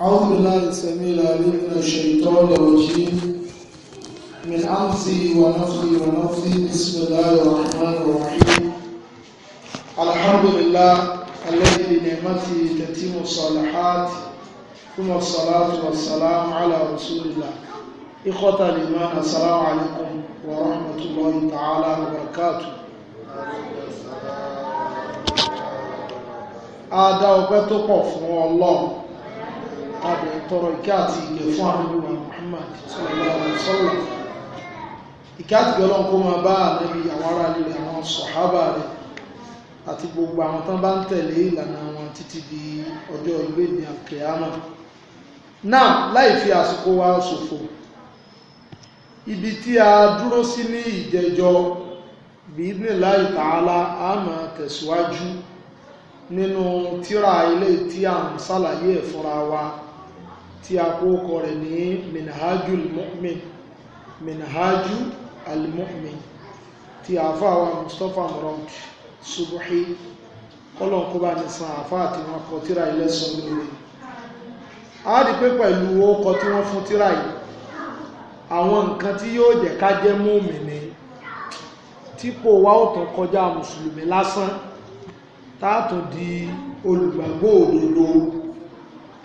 أعوذ بالله السميع العليم من الشيطان الرجيم من أمسي ونفسي ونفسي بسم الله الرحمن الرحيم الحمد لله الذي بنعمته تتم الصالحات ثم الصلاة والسلام على رسول الله إخوة الإيمان السلام عليكم ورحمة الله تعالى وبركاته Adá ọpẹ́ tó الله adẹ̀ tọrọ ìkẹ́ àti ìgẹ̀ fún àmìlúwà Muhammad sallallahu alaihi wasallam ìkẹ́ àti ìgẹ̀ ọlọ́nkó máa bá ànábì àwọn ará ilé àwọn sọ̀hábà rẹ̀ àti gbogbo àwọn tán bá ń tẹ̀lé ìlànà wọn títí di ọjọ́ ìwé ní àkẹ́yàmà náà láì fi àsìkò wa ṣòfò ibi tí a dúró sí ní ìjẹjọ bi'idhnillahi ta'ala a máa tẹ̀síwájú nínú tírà ilé tí a ń ṣàlàyé ẹ̀ fúnra wa tí a kó kọ rẹ̀ ní minhaju al-mu'min minhaju al-mu'min tí a fà wà mustapha murad subuhi kọlọ̀ kó bá ní san àfá àti wọn kọ tíra ilẹ́sùn lórí a rí pé pẹ̀lú ókọ tí wọ́n fún tíra yìí àwọn nǹkan tí yóò jẹ́ ká jẹ́ mùmínì típò wa ó tàn kọjá mùsùlùmí lásán táàtùn di olùgbàgbọ́ òdodo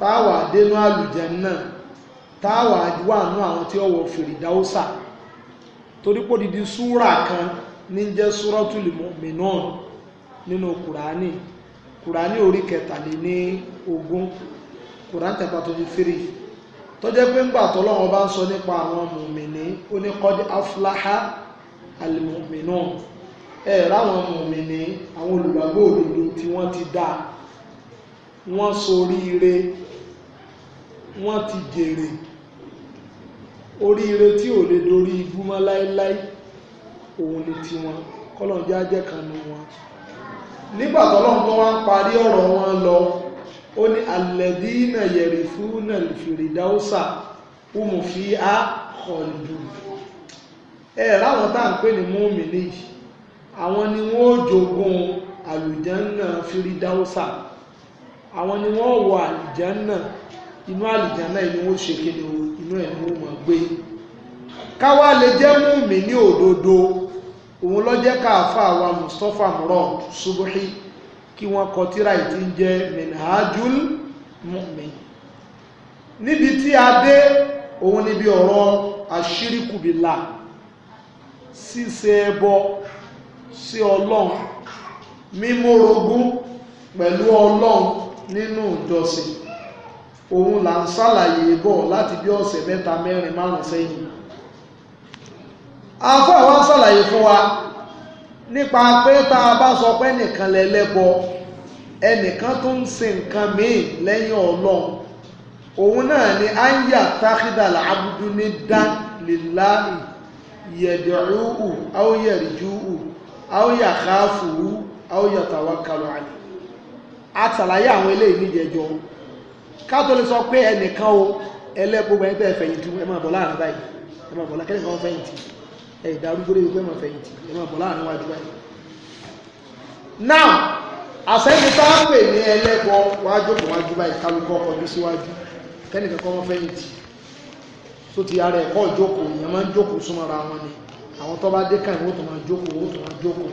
táwà dénú àlùjánnà táwà wà nú àwọn tí ó wọ fìrìdáúsà torí pò dídí súrà kan ní jẹ́ súrọ́tùlì mìíràn nínú kùránì kùránì orí kẹtàlé ní ogún kùránì chapter twenty three tó jẹ́ pé ńgbà tọ́lọ́wọ́n bá ń sọ nípa àwọn mùmìnì ó ní kọ́dí afúláhá alìmùmìnà ẹ̀ ráwọn mùmìnì àwọn olùgbàgbọ́ òdodo tí wọ́n ti dá wọ́n soríire wọ́n ti jèrè oríire tí ò lè dorí ibú mọ́ láéláé òun ni tiwọn kọ́lọ̀já jẹ́ kanú wọn nígbà tọ́lọ́run tó wá ń parí ọ̀rọ̀ wọn lọ ó ní alẹ́dínà yẹ̀rì fún nàìfìrìdáúsà umu fi á kọ̀lù ẹ láwọn tá à ń pè ní múmìnì àwọn ni wọ́n ó jogún àlùjánà fìrìdáúsà àwọn ni wọ́n wọ àlùjánà inú àlìjáná inú wọn ṣe kí ni inú ẹ̀ ni wọ́n máa gbé káwá lè jẹ́ múmi ní òdodo òun ló jẹ́ káàfà wa Mustapha murad subuhi kí wọ́n kọ tíra ìtí ń jẹ́ minhajul mu'min níbi tí a dé òun níbi ọ̀rọ̀ àṣírìkùbìlà ṣíṣe ẹbọ sí ọlọ́run mímórogún pẹ̀lú ọlọ́run nínú ìjọsìn òun là ń ṣàlàyé bọ̀ láti bí ọ̀sẹ̀ mẹ́ta mẹ́rin márùn sẹ́yìn afọ́ àwọn ṣàlàyé fún wa nípa pé tá a bá sọ pé ẹnìkan lẹ́lẹ́bọ ẹnìkan tó ń sin nǹkan míì lẹ́yìn ọlọ́run òun náà ni anya takidala abudu ní dán lillahi yẹ̀dẹ̀rúhù aóyẹ̀rìjúhù aóyàkáfùhù aóyàtàwákàlù àlè àtàlàyé àwọn eléyìí níjẹjọ́ ká tó lè sọ pé ẹnìkan o ẹlẹ́gbogbo ẹni tẹ́ fẹ̀yìntì ẹ máa bọ̀ láàrin báyìí ẹ máa bọ̀ láàrin kẹ́lẹ́kan fẹ̀yìntì ẹ ìdárúgbó lè pé ẹ máa fẹ̀yìntì ẹ máa bọ̀ láàrin wájú báyìí. now àṣẹ́ni tá a pè ní ẹlẹ́gbọ́ wájú kò wájú báyìí kálukọ́ ọdún síwájú kẹ́nìkan kọ́ wọ́n fẹ̀yìntì tó ti ara ẹ̀kọ́ ìjókòó ìyẹn máa ń jókòó súnmọ́ra wọn ni àwọn tó bá dé kàn wọ́n tó máa jókòó wọ́n tó máa jókòó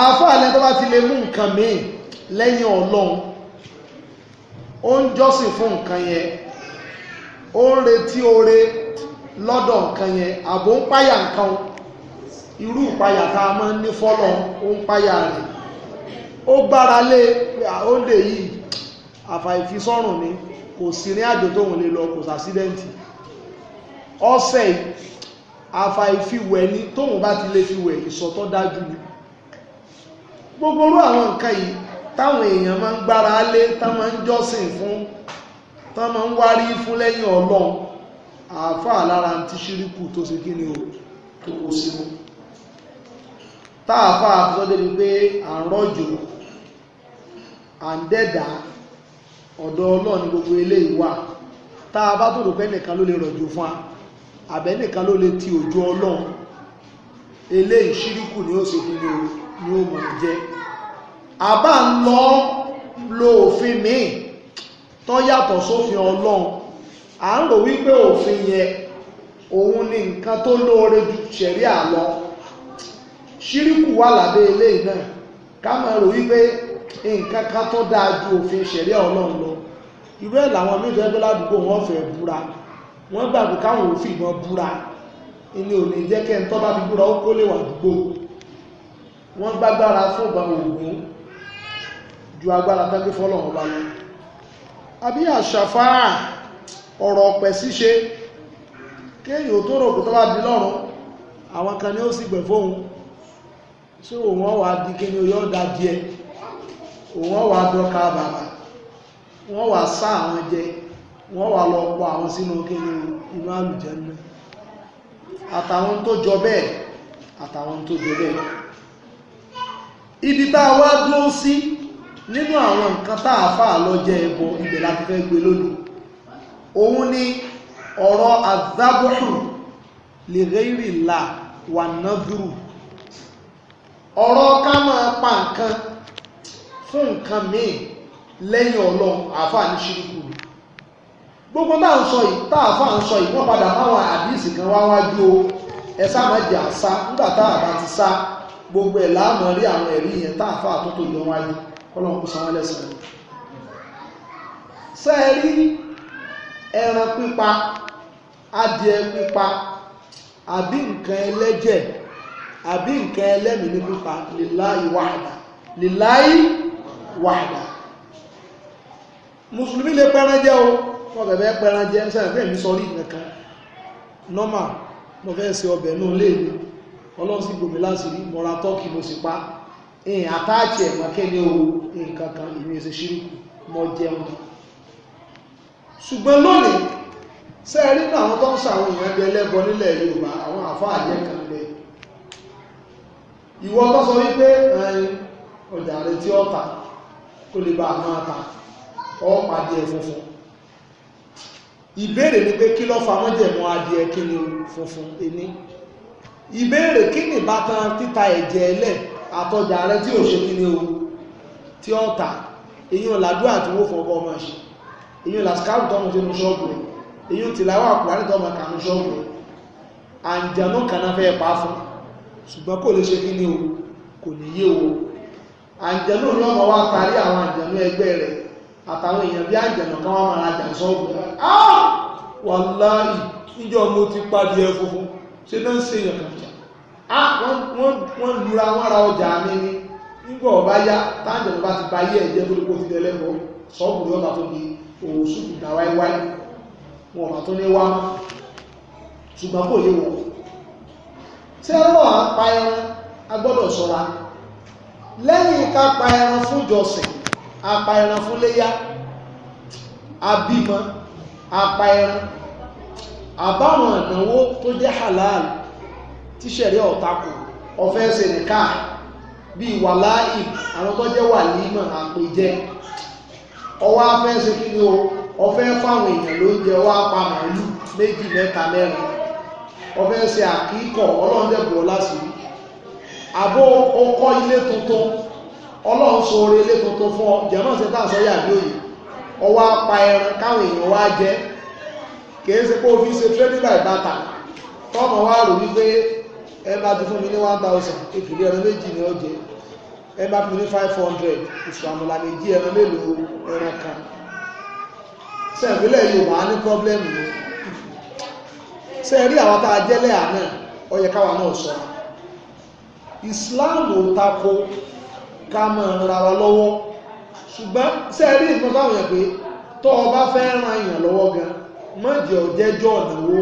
àáfàá lẹ́ni tó bá ti lè mú nǹkan míì lẹ́yìn ọlọ́run ó ń jọ́sìn fún nǹkan yẹn ó ń retí oore lọ́dọ̀ nǹkan yẹn àbò ń páyà nǹkan irú ìpayà tá a máa ń ní fọ́lọ̀ ó ń páyà rẹ̀ ó gbára lé oúnjẹ yìí àfàìfisọ́rùn ni kò sí ní àjò tóun lè lọ kò sàsídẹ́ǹtì ọ̀sẹ̀ àfàìfiwẹ̀ ni tóun bá ti lè fiwẹ̀ ìsọ̀tọ́ dájú gbogbo orú àwọn nǹkan yìí táwọn èèyàn máa ń gbára lé tán máa ń jọ́sìn fún tán máa ń wárí fún lẹ́yìn ọlọ́run àáfàá lára ti ṣíríkù tó ṣe kí ni o tó kó sínú táàfàá àfisọ́dé ni pé à ń rọ́jò à ń dẹ́dà ọ̀dọ̀ ọlọ́run gbogbo eléyìí wà tá tó rò pé ló lè rọ̀jò fún wa ló lè ti òjò ọlọ́run eléyìí ṣíríkù ni ó ṣe kí ni ó mọ̀ jẹ́ àbá ń lọ lo òfin míì tó yàtọ̀ sófin ọlọ́run à ń rò wípé òfin yẹn òun ni nǹkan tó lóore ju ṣẹ̀rí àlọ́ ṣíríkù wà lábẹ́ eléyìí náà ká máa rò wípé nǹkan kan tó dáa ju òfin ṣẹ̀rí ọlọ́run lọ irú ẹ̀ làwọn míì tó ẹgbẹ́ ládùúgbò wọn fẹ́ búra wọ́n gbàgbé káwọn ò fìbọn búra ilé ò ní jẹ́ kẹ́ ń tọ́ bá fi búra ó kó lè wà dùgbò wọ́n gbágbára fún ìbọn òògùn ju agbára tẹ́gbé fọ́lọ̀wọ́ bá lọ àbí àṣàfáà ọ̀rọ̀ ọ̀pẹ̀ ṣíṣe kéèyàn tó rò kò tó bá bí lọ́rùn àwọn kan ní ó sì gbẹ̀ tí òun wà di kí ni ó yọ́ da díẹ̀ òun wà dọ́ka bàbà wọ́n wà sá àwọn jẹ wọ́n wà lọ pọ̀ àwọn sínú kí ni inú àlùjẹ́ náà àtàwọn tó jọ bẹ́ẹ̀ àtàwọn tó jọ bẹ́ẹ̀ ibi tá dúró sí nínú àwọn nǹkan tá a lọ jẹ ẹbọ ibẹ̀ láti fẹ́ gbé lónìí òun ni ọ̀rọ̀ azabuhu li ghairi Allah wà nàdúrù ọ̀rọ̀ ká máa pa nǹkan fún nǹkan míì lẹ́yìn ọlọ́run àáfà ní ṣíríkù gbogbo tá à ń sọ yìí tá àáfà ń sọ yìí wọ́n padà máwọn àdíìsì kan wá wájú o ẹ sá máa jẹ àṣà nígbà tá àbá ti sá gbogbo ẹ̀ láàmú rí àwọn ẹ̀rí yẹn tá tó tó lọ wájú kọ́lọ̀kù san wọ́n lẹ́sàn sẹ́ẹ̀rí ẹran pípa adìẹ pípa àbí nǹkan ẹlẹ́jẹ̀ àbí nǹkan ẹlẹ́mìí ní pípa lillahi wahda lillahi wahda mùsùlùmí lè pẹran jẹ o wọ́n bẹ̀bẹ̀ pẹran jẹ sẹ́yìn fẹ́ mi sọrí nìkan normal mo fẹ́ ṣe ọbẹ̀ náà léèlé ọlọ́run sì gbòmí láti rí mọ́ra tọ́kì mo sì pa ìyìn àtàjì ẹ̀mọ́ kẹ́lẹ́ owó nǹkan kan ìrìn èsì ṣíríkù mọ́ jẹun ṣùgbọ́n lónìí sẹ́ẹ̀rí náà àwọn tó ń sàwọn èèyàn bí ẹlẹ́bọ nílẹ̀ Yorùbá àwọn àfáà jẹ́ kan lẹ ìwọ tó sọ wípé ọjà ìbéèrè ni pé kí ló fa mọ́jẹ̀mọ́ adìẹ kí ni funfun ẹni ìbéèrè kí ni ìbátan títa ẹ̀jẹ̀ ẹlẹ́ẹ̀ àtọjà rẹ tí ò ṣe kí ni o tí ó tà èyí ò làdúrà tí wọ́n fọwọ́ ọmọ ṣe èyí ò làskáàbù tọ́mọ tí mo ṣọ́ọ̀bù rẹ̀ èyí ò tìláwà àkùránì tọ́mọ kànú ṣọ́ọ̀bù rẹ̀ àǹjànú kaná fẹ́ pa fún ṣùgbọ́n kò lè ṣe kí ni o kò ní yé o àǹjànú ni ọmọ wa tarí àwọn àǹjànú ẹgbẹ́ rẹ̀ àtàwọn èèyàn bí àjẹ̀nà kan wọ́n máa jà sọ́ọ̀bù wà láì níjọ́ mo ti pàdé ẹ funfun ṣe náà ń ṣe èèyàn kan jà Ah, wọ́n lura wọ́n ra ọjà mi ni nígbà ọba yá táàjẹ̀ ọba ti ba ayé ẹ̀jẹ̀ tó lóko ti tẹ́lẹ̀ mọ́ sọ́ọ̀bùrù ọba tó di òwò sùkù dá wáíwáí wọn ọba tó ní wá ṣùgbọ́n kò yé wọn tí ẹlọ́ àpá ẹran agbọ́dọ̀ ṣọ́ra lẹ́yìn ká pa ẹran fún jọsìn apa ẹran fún léyá abímọ apa ẹran àbáwọn ìnáwó tó jẹ́ halal tíṣẹ̀rí ọ̀takù ọ̀fẹ́ ṣe nìka bíi wàláì àwọn tó jẹ́ wàlímọ̀ àpèjẹ ọwọ́ afẹ́ ṣe kí ni o ọfẹ́ fáwọn èèyàn ló ń jẹ ọwọ́ apá màálù méjì mẹ́ta mẹ́rin ọfẹ́ ṣe àkíkọ̀ ọlọ́run dẹ̀bù ọlá sí i àbó ọkọ̀ ilé tuntun ọlọ́run so oore ilé tuntun fún ọ jẹ̀mọ́ sí táà sọ́yà bí òye ọwọ́ apá ẹran káwọn èèyàn wá jẹ kìí ṣe pé òfin ṣe trading by barter tọ́mọ wá rò wípé ẹ bá ti fún mi ní one thousand èkìlẹ̀ ẹran méjì ni ó jẹ ẹ bá fún mi ní five hundred ìṣù àmàlà méjì ẹran mélòó ẹran kan sẹ́ẹ̀fílẹ̀ yóò máa ní pọ́blẹ́mù yẹn sẹ́ẹ̀rí àwọn tá a jẹ́lẹ̀ àná ó yẹ káwa náà sọ Islam ò tako ká máa ra wa lọ́wọ́ ṣùgbọ́n sẹ́ẹ̀rí ìfọ́nfà wọ̀nyẹn pé tó o bá fẹ́ ran èèyàn lọ́wọ́ gan mọ̀jẹ̀ ọ̀jẹ́jọ́ ọ̀nà wo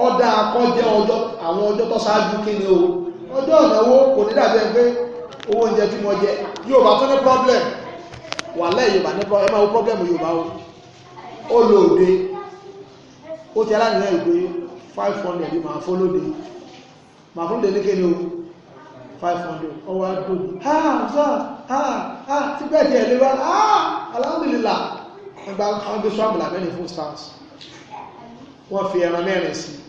ọdá akọ́jẹ́ ọjọ́ àwọn ọjọ́ tó ṣáájú kí ni o ọjọ́ ìnáwó kò ní dàbẹ́ pé owó oúnjẹ tí mo jẹ Yorùbá tó ní problem wà lẹ́yìn Yorùbá ní problem ẹ máa wo problem Yorùbá o ó lo òde ó ti aláìníyàn ìgbé five hundred máa fún lóde máa fún lóde ní kí ni o five hundred ọwọ́ àdó ha ha ha ha ti bẹ́ẹ̀ di ẹ̀lẹ́wà ha alhamdulillah ẹgbẹ́ àwọn gbé sọ́ọ̀mù làbẹ́ni fún stars wọ́n fi ẹran mẹ́rin sí i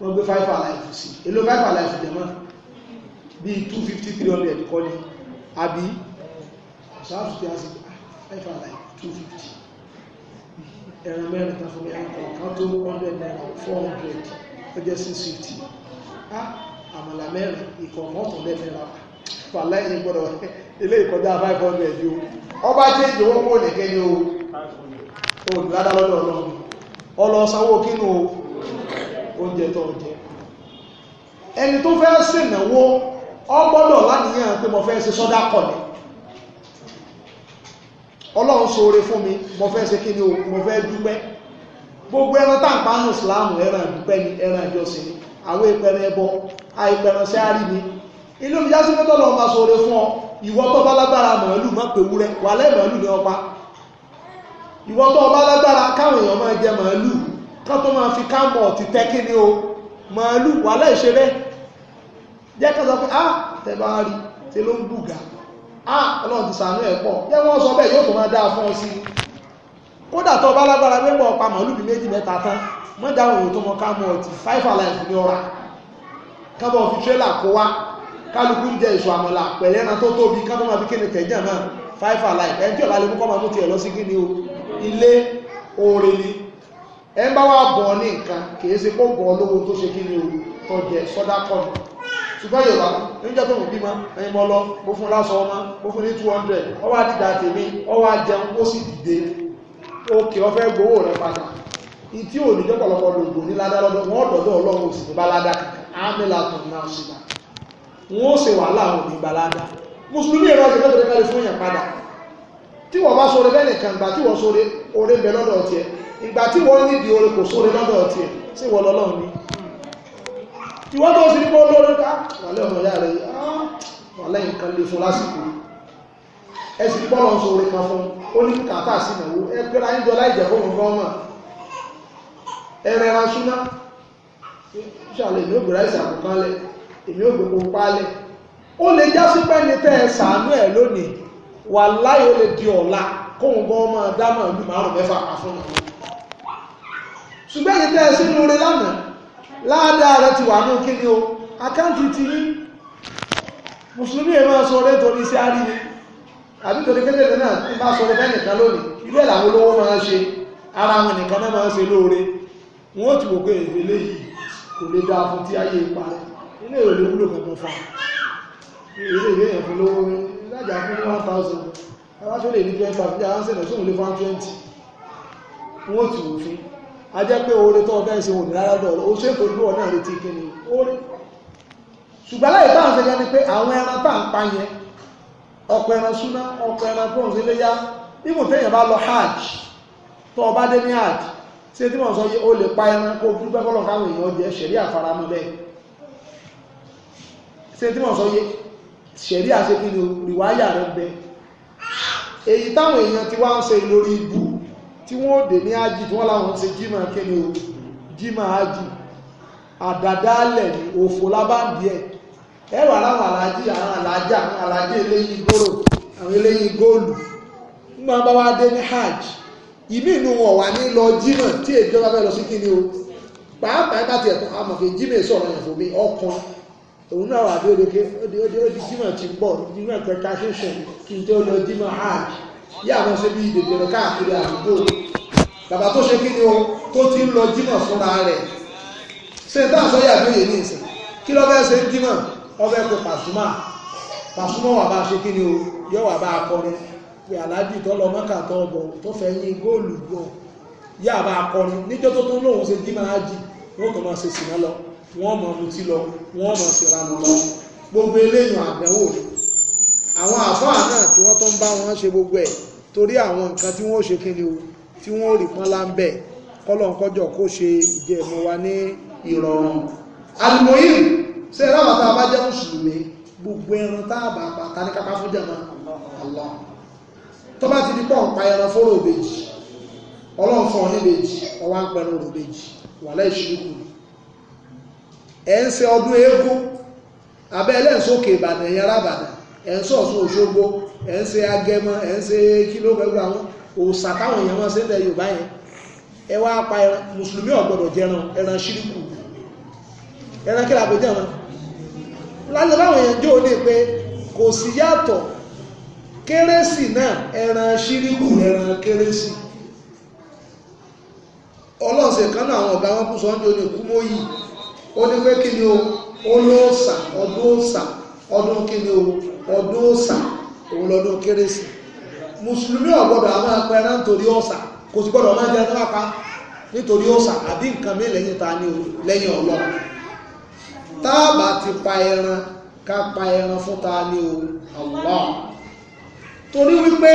wọ́n gbé five alive sí èlò five alive jẹ́mọ́ bí two fifty three hundred kọ́ ni àbí ṣáàtù tí a sì ah, five alive two fifty ẹran mẹ́rin tán fún mi kan tó hundred naira four hundred ó jẹ́ six fifty ah, àmàlà mẹ́rin ìkọ̀ọ̀kan ọ̀tún lẹ́mẹ́ra pàlá ẹ̀yìn gbọ́dọ̀ ilé ìkọjá 500 yóò ọba tí èjì owó kó nìkẹ́ ní o olùládá lọ́dọ̀ ọlọ́run ọlọ́sanwó kínú oúnjẹ tó ń jẹ ẹni tó fẹ́ ṣe ìnáwó ọ gbọ́dọ̀ láníyàn pé mo fẹ́ ṣe sọ́dá kọ̀ ni ọlọ́run ṣoore fún mi mo fẹ́ ṣe kí ni o mo fẹ́ dúpẹ́ gbogbo ẹran tàǹpá ní ìsìláàmù ẹran ìdúpẹ́ ni ẹran ìjọsìn ni àwọn ìpẹran ẹbọ àìpẹran sí àárí ni ilé omi jásí pẹ́tọ́ lọ́ọ́ máa ṣoore fún ọ ìwọ tó bá lágbára màálù má pè wúrẹ́ wà lẹ́ẹ̀ màálù ní ọpa ìwọ tó bá lágbára káwọn èèyàn máa jẹ màálù kán tó máa fi kámọ̀ ti tẹ́kí ni o màálù wà láìṣe bẹ́ẹ̀ jẹ́ kán sọ pé ah tẹ̀bá rí tẹ ló ń bùgà ah, ọlọ́run ti sàánú ẹ̀ pọ̀ jẹ́ wọ́n sọ bẹ́ẹ̀ yóò tó máa dáa fún ọ sí kódà tó bá lágbára pé pọ̀ màálù bí méjì mẹ́ta tán mọ́ dáhùn òun tó mọ kámọ̀ ti five alive ní ẹ ń bá wà bọ̀ ọ ní nǹkan kì í ṣe kó bọ̀ ọ lówó tó ṣe kí ni o tó jẹ sọ́dá kọ́ ni ṣùgbọ́n yorùbá níjọ́ tó mú bí ma ẹni mọ́ lọ mo fún lásọ ọmọ mo fún ní 200 ọwá dìdà tèmi ọwá jẹun ó sì dìde òkè ọfẹ́ gbowó rẹ padà ìtí ò níjọ́ pọ̀lọpọ̀ lògbò ní ládá lọ́dọ̀ wọn ọ̀dọ̀dọ̀ ọlọ́run òsì balada amílàtọ̀ náà ṣùgbà wọn ó ṣe wàhálà òní balada tí wọ́n bá sóre bẹ́ẹ̀ nìkan ìgbà tí wọ́n sóre oore ń bẹ lọ́dọ̀ ọtí ẹ̀ ìgbà tí wọ́n nídìí oore kò sóre lọ́dọ̀ ọtí ẹ̀ sí wọ́n lọ́lọ́run ní ìwọ́n tó sì pọ́ lórí ká wàlẹ́ ọmọ ìyá rẹ̀ ah, wàlẹ́ nǹkan lè fún lásìkò ẹ sì pọ́ lọ sóre kan fún ó ní kàtà sí ìnáwó ẹ gbéra ń jọ láì jẹ́ fóun fún ọmọ ẹ rẹra súná ṣàlẹ̀ èmi ò gbéra ìsà kò kan lẹ̀ èmi ò ó lè já sí pẹ́ni tẹ́ ẹ ẹ̀ lónìí wà láyé ó lè di ọ̀la kóhùn gan ọmọ dámà ìlú márùn mẹ́fà àfúnà ṣùgbọ́n yìí tẹ́ẹ̀ sínú rẹ lánàá láàdáa rẹ ti wà ní kíni o àkáǹtì ti yí mùsùlùmí ẹ̀ máa sọ rẹ torí sí àrí ni àbí torí kékeré náà ń bá sọ rẹ fẹ́nìkan lónìí ilé làwọn olówó máa ṣe ara wọn nìkan náà máa ṣe lóore wọn ó ti wò pé èlé yìí kò lè dáa fún tí ayé parẹ́ ilé ìwé wúlò kankan fa ilé ìwé yẹn fún ẹ̀jà fún ní 1000 aláṣọ́ lè pé oore tó ọ̀fẹ́ ṣe òní rárá ó ṣe ìtòlú ọ̀nà àrètí kíni oore ṣùgbọ́n láì bá ń ṣe yẹn pé àwọn ẹran tá ń pa yẹn ọ̀pọ̀ ẹran súná ọ̀pọ̀ ẹran bronze iléyá nígbò téèyàn bá lọ hajj tó ọba dé ní hajj ṣẹ̀rí àṣekínú rìwáyà rẹ̀ bẹ èyí táwọn èèyàn ti wá ń ṣe lórí ibú tí wọ́n dè ní ájì tí wọ́n láwọn ṣe jímọ̀ kíni o jímọ̀ ájì àdàdálẹ̀ ní òfò lábáǹdì ẹ̀ ẹwà láwọn aláàjì àwọn aláàjì àwọn aláàjì eléyìí gbòòrò àwọn eléyìí góòlù nígbà bá wá dé ní hajj ìmí inú wọn wà ní lọ jímọ̀ tí èjọba fẹ́ lọ sí kíni o pàápàá mi ọkùnrin òun náà wà bí odòkè odi jímọ̀ ti pọ̀ jímọ̀ kẹta ṣẹṣẹ kí n tó lọ jímọ̀ hajj yí àwọn ṣe bí ìdèdèrè káàkiri àdúgbò bàbá tó ṣe kí ni o tó ti ń lọ jímọ̀ fúnra rẹ̀ ṣe tá àṣọ yà bí òye ní ìsìn kí lọ́ bẹ́ẹ̀ ṣe ń jímọ̀ ọbẹ̀ pé pàṣùmà pàṣùmà wà bá ṣe kí ni o yọ wà bá akọrin pé aláàjì tó lọ mọ́kà tó bọ̀ tó fẹ́ yín góòlù gbọ̀ yà bá akọrin níjọ́ tó tún lóun ṣe jímọ̀ tó máa ṣe sìnà wọ́n mọ̀ mutí lọ wọ́n mọ̀ síranù lọ gbogbo eléyìn àdánwò àwọn àfáà náà tí wọ́n tó ń bá wọn ṣe gbogbo ẹ̀ torí àwọn nǹkan tí wọ́n ó ṣe kí ni o tí wọ́n ó rí pọ́n láńbẹ̀ kọ́lọ̀nkọ́jọ́ kó ṣe ìjẹ́ ẹ̀mọ́ wa ní ìrọ̀rùn alimoyin ṣe ráwà tá a Allah tó bá ti di pọ̀ ń pa ẹran ọwá ń pẹ̀rún òbejì wà láì ṣíríkù ẹ̀ ń ṣe ọdún eégún abẹ́ ẹlẹ́ǹsókè ìbàdàn ẹ̀yìn arábàdàn ẹ̀ ń sọ̀sùn òṣogbo ẹ̀ ń ṣe agẹmọ ẹ̀ ń ṣe kíló pẹ̀lú àwọn òòṣà táwọn èèyàn wọn ṣe ń lẹ yorùbá yẹn ẹ wá pa ẹran mùsùlùmí ò gbọ́dọ̀ jẹran ẹran ṣíríkù ẹran kí làgbé jẹran lálẹ́ báwọn èèyàn jó ní kérésì náà ẹran ṣíríkù ẹran kérésì ọlọ́sẹ̀ kan náà àwọn ọ̀gá wọn kú sọ́njọ́ ní kúmóyì ó ní pé kí ni o olóòsà ọdún òsà ọdún kí ni o ọdún òsà òun lọ́dún kérésì mùsùlùmí ò gbọ́dọ̀ àwọn apẹran nítorí òsà kò sì gbọ́dọ̀ máa jẹ ẹni wápa nítorí òsà àbí nǹkan mi lẹ́yìn ta ni lẹ́yìn ọlọ́run táàbà ti pa ẹran ká pa ẹran fún ta ni o Allah torí wípé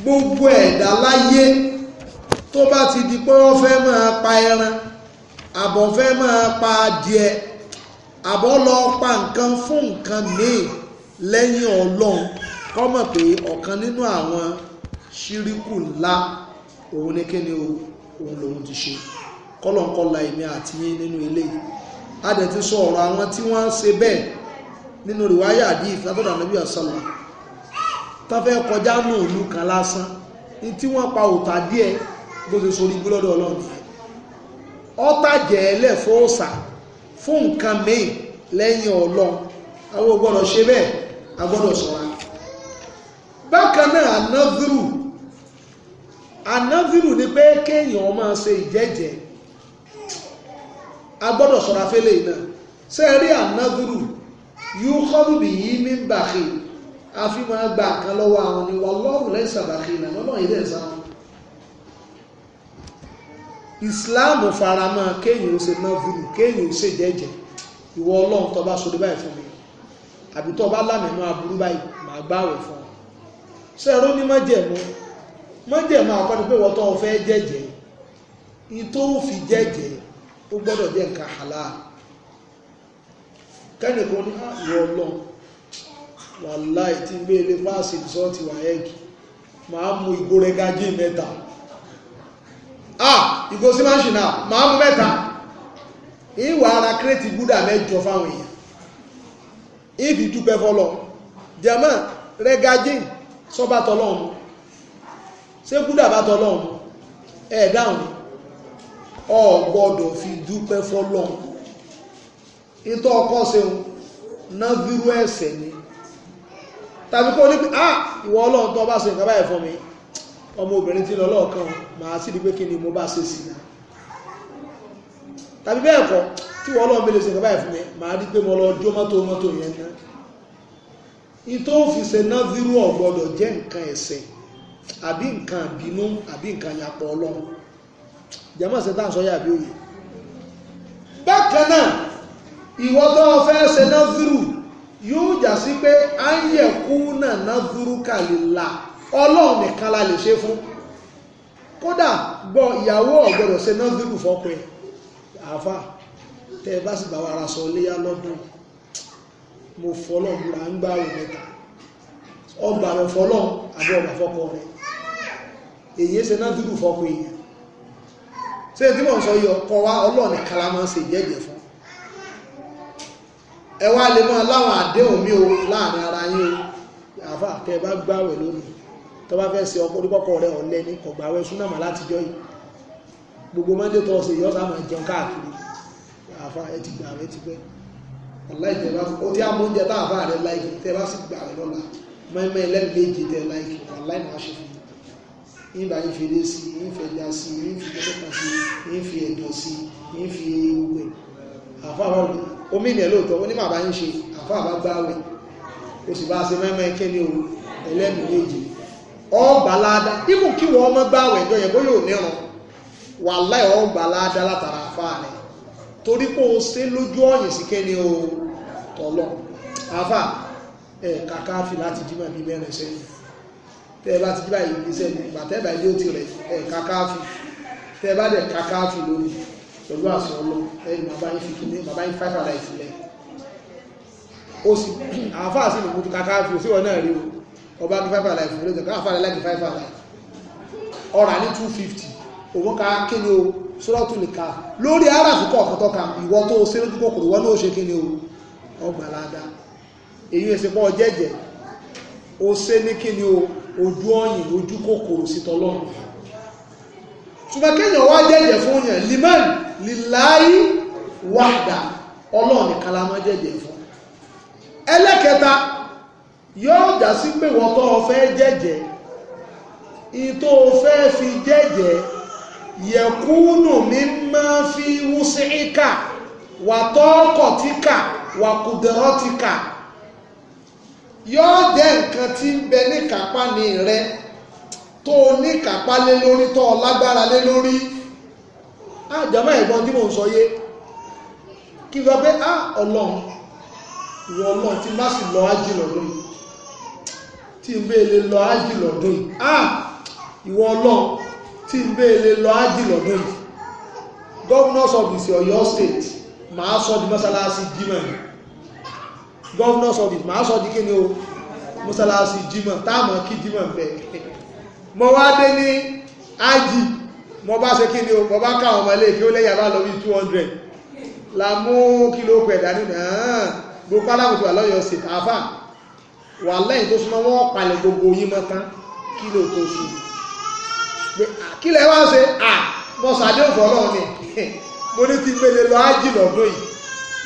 gbogbo ẹ̀dá láyé tó bá ti di pé wọ́n fẹ́ máa pa ẹran àbọ̀ fẹ́ máa pa adìẹ àbọ̀ lọ pa nǹkan fún nǹkan míì lẹ́yìn ọlọ́run kọ́mọ̀ pé ọ̀kan nínú àwọn ṣíríkù ńlá òun ní kí ni òun lòun ti ṣe kọ́lọ̀kọ́lá èmi àti yín nínú eléyìí a dẹ̀ ti sọ ọ̀rọ̀ àwọn tí wọ́n ń ṣe bẹ́ẹ̀ nínú rìwáyà àdí ìfẹ́tọ̀dà níbi ọ̀sánlá tán fẹ́ kọjá náà òlú kan lásán ní tí wọ́n pa òtà díẹ̀ bó ṣe sorí gbúlọ́dọ̀ ọlọ́run ọ́tàjẹ́ ẹlẹ́ fún òòsà fún nǹkan míì lẹ́yìn ọlọ́run àwọn gbọ́dọ̀ ṣe bẹ́ẹ̀ a gbọ́dọ̀ ṣọ́ra bákan náà anáfírù anáfírù ni pé kéèyàn máa ṣe ìjẹ́jẹ́ a gbọ́dọ̀ ṣọ́ra fẹ́lẹ̀ náà ṣe rí anáfírù yóò kọ́dù bí yí mí bàkì a fi máa gba àkàn lọ́wọ́ àwọn ni wọ́n lọ́rùn lẹ́sàbàkì ìlànà ọlọ́run ilé islam faramọ́ kéèyàn ó ṣe náfúlù kéèyàn ó ṣe jẹ́jẹ́ ìwọ ọlọ́run tó bá sọdí báyìí fún mi àbí tó bá lámẹ̀mọ́ aburú báyìí màá gbáwẹ̀ fún ọ sẹ́rọ ní májẹ̀mú májẹ̀mú àkọ́ni pé wọ́n tó o fẹ́ jẹ́jẹ́ ìtò fi jẹ́jẹ́ ó gbọ́dọ̀ jẹ́ nǹkan halal kẹ́nìkan ní ah, ìwọ ọlọ́run wàláì tí ń gbé ilé fásit sọ́ọ̀tì wàhẹ́gì màá mú ìgbórẹ́gájí mẹ́ta ah ìgò sí máa ń ṣìnà máa mú mẹ́ta ìwà ara kírètì gúdà mẹ́jọ fáwọn èèyàn ìfi dúpẹ́ fọlọ́ jẹ́mọ́ rẹ́gájìn sọ́bà tọ́lọ́ọ̀mù ṣé gúdà bá tọ́lọ́ọ̀mù ẹ̀ dáhùn ọ gbọ́dọ̀ fi dúpẹ́ fọlọ́ọ̀mù ìtọ́ ọkọ́ seun náà vírú ẹ̀sẹ̀ ni tàbí kó ní pé ah ìwọ ọlọ́run tó bá ṣe nǹkan báyìí fún mi ọmọ obìnrin tí lọ́lọ́ kan máa sì di pé kí ni mo bá ṣe sí i tàbí bẹ́ẹ̀ kọ́ tí wọ́n lọ́ọ́ mẹ́lẹ̀ ṣèkọ́ báyìí fún mi máa di pé mo lọ jó mọ́tò mọ́tò yẹn ná ìtò òfìsẹ̀ náà vírú ọ̀gbọ́dọ̀ jẹ́ nǹkan ẹ̀sẹ̀ àbí nǹkan àbínú àbí nǹkan yàpọ̀ ọlọ́run jẹ́mọ̀ sí táà sọ́yà bí òye bákan náà ìwọ tó fẹ́ ṣe náà vírú yóò jà sí pé á ń yẹ̀kú náà náà vírú kàlílà ọlọ́run nìkan la lè ṣe fún kódà gbọ́ ìyàwó ọ̀gbọ́dọ̀ ṣe náà fọ́pẹ́ àfà tẹ́ bá sì bá wa sọ léyà lọ́dún mo fọlọ́run búra ń gbá mẹ́ta ọgbà rẹ̀ àbí ọgbà fọ́kọ rẹ̀ ṣe náà fọ́pẹ́ tí sọ fún ẹ wá lè máa o láàrin ara yín o àfà tẹ́ tó bá fẹ́ ṣe ọkọ oníkọ́kọ́ rẹ̀ ọ̀lẹ́ ní kọ̀gbà awẹ́ súnà mà látijọ́ yìí gbogbo mọ́ndé tó ṣe yọ́ sáà jẹun káàkiri àfa ẹ ti gbà rẹ ti pẹ́ ọ̀la ìjẹ bá ó ti àmú oúnjẹ táàfà rẹ láìkì tẹ bá sì gbà rẹ lọ́la mọ́ẹ́mọ́ ẹlẹ́gbẹ̀ẹ́jì tẹ láìkì ọ̀la ìmọ̀ fún mi ìgbà yìí sí i ìfẹ́ sí i ìfẹ́ kẹ́kẹ́ sí i ìfẹ́ sí i ìfẹ́ ewúwẹ̀ àfa àwọn omi ìnẹ̀ ọgbà láàdá ibù kí wọ́n ọmọ gbá àwẹ̀ ìjọ yẹn bóyá ò nírun wà láì ọgbà láàdá látara àfáà rẹ̀ torí pé o ṣe lójú ọ̀yìn sí kẹ́ni o tọ̀lọ̀ àfà ẹ̀ kàkà fi láti jímọ̀ bí mẹ́rin sẹ́yìn tẹ́ bá ti jíbà ìlú sẹ́yìn ìgbà tẹ́ bá ilé ó ti rẹ̀ ẹ̀ kàkà fi tẹ́ bá dẹ̀ kàkà fi lórí pẹ̀lú àṣọ ọlọ́ ẹ̀yìn bàbá yín fi kíní bàbá yín fáfà o sílẹ̀ ó sì àfà sí kàkà fi òsíwọ̀n náà rí o ọba ní five alive ló jẹ́ káfà rẹ̀ láti five alive ọ̀rà ní two fifty òun ká kíni o sọ́rọ́tù lè ka lórí aráàfù kọ̀ọ̀kan tọ́ka ìwọ tó ṣe lójú kòkòrò wọn ló ṣe kíni o ọgbà láda èyí ẹsẹ̀ pọ̀ jẹ́jẹ́ o ṣe ní kíni o ojú ọ̀yìn ojú kòkòrò sí tọlọ́run ṣùgbọ́n kéèyàn wá jẹ́jẹ́ fún yàn liman lilayi wahda ọlọ́ọ̀nì kalamọ́ jẹ́jẹ́ fún ẹlẹ́kẹta yóò já sí pé wọ́n tó o fẹ́ jẹ́jẹ́ ìtò o fẹ́ fi jẹ́jẹ́ yẹ̀kúnù mi máa fi wúsẹ̀ ìkà wà tọ́ọ̀kọ̀ tíkà wà kùdẹ̀rọ̀ tíkà yóò jẹ́ nǹkan tí ń bẹ níkàápá ní rẹ tó o níkàápá lé lórí tó o lágbára lé lórí àjọmọ́ ìbọn tí mò ń sọ yé kí n sọ pé ọlọ́run ìwọ ọlọ́run tí má sì lọ ájì lọ lórí tí ń bèèlè lọ ájì lọ́dún ah ìwọ ọlọ́run tí ń bèèlè lọ ájì lọ́dún governors of the Ọ̀yọ́ state màá sọ di mọ́sálásí jimẹ̀ governors of the màá sọ di kíni o mọ́sálásí jimẹ̀ táàmù kí jimẹ̀ bẹ̀ mo wá dé ní ájì mo bá ṣe kíni o mo bá káwọn ọmọ ilé kí ó lẹ́yìn àbá lọ bí two hundred la mú kí ló pẹ̀ dání náà gbogbo aláwùjọ àlọ́yọ̀ state àfáà wà lẹ́yìn tó súnmọ́ wọ́n palẹ̀ gbogbo yín mọ́ tán kí ló tó sùn pé kí lẹ wá ṣe à bọ́sà adéhùn ọlọ́run ni mo ní ti gbélé lọ ájì lọ́dún yìí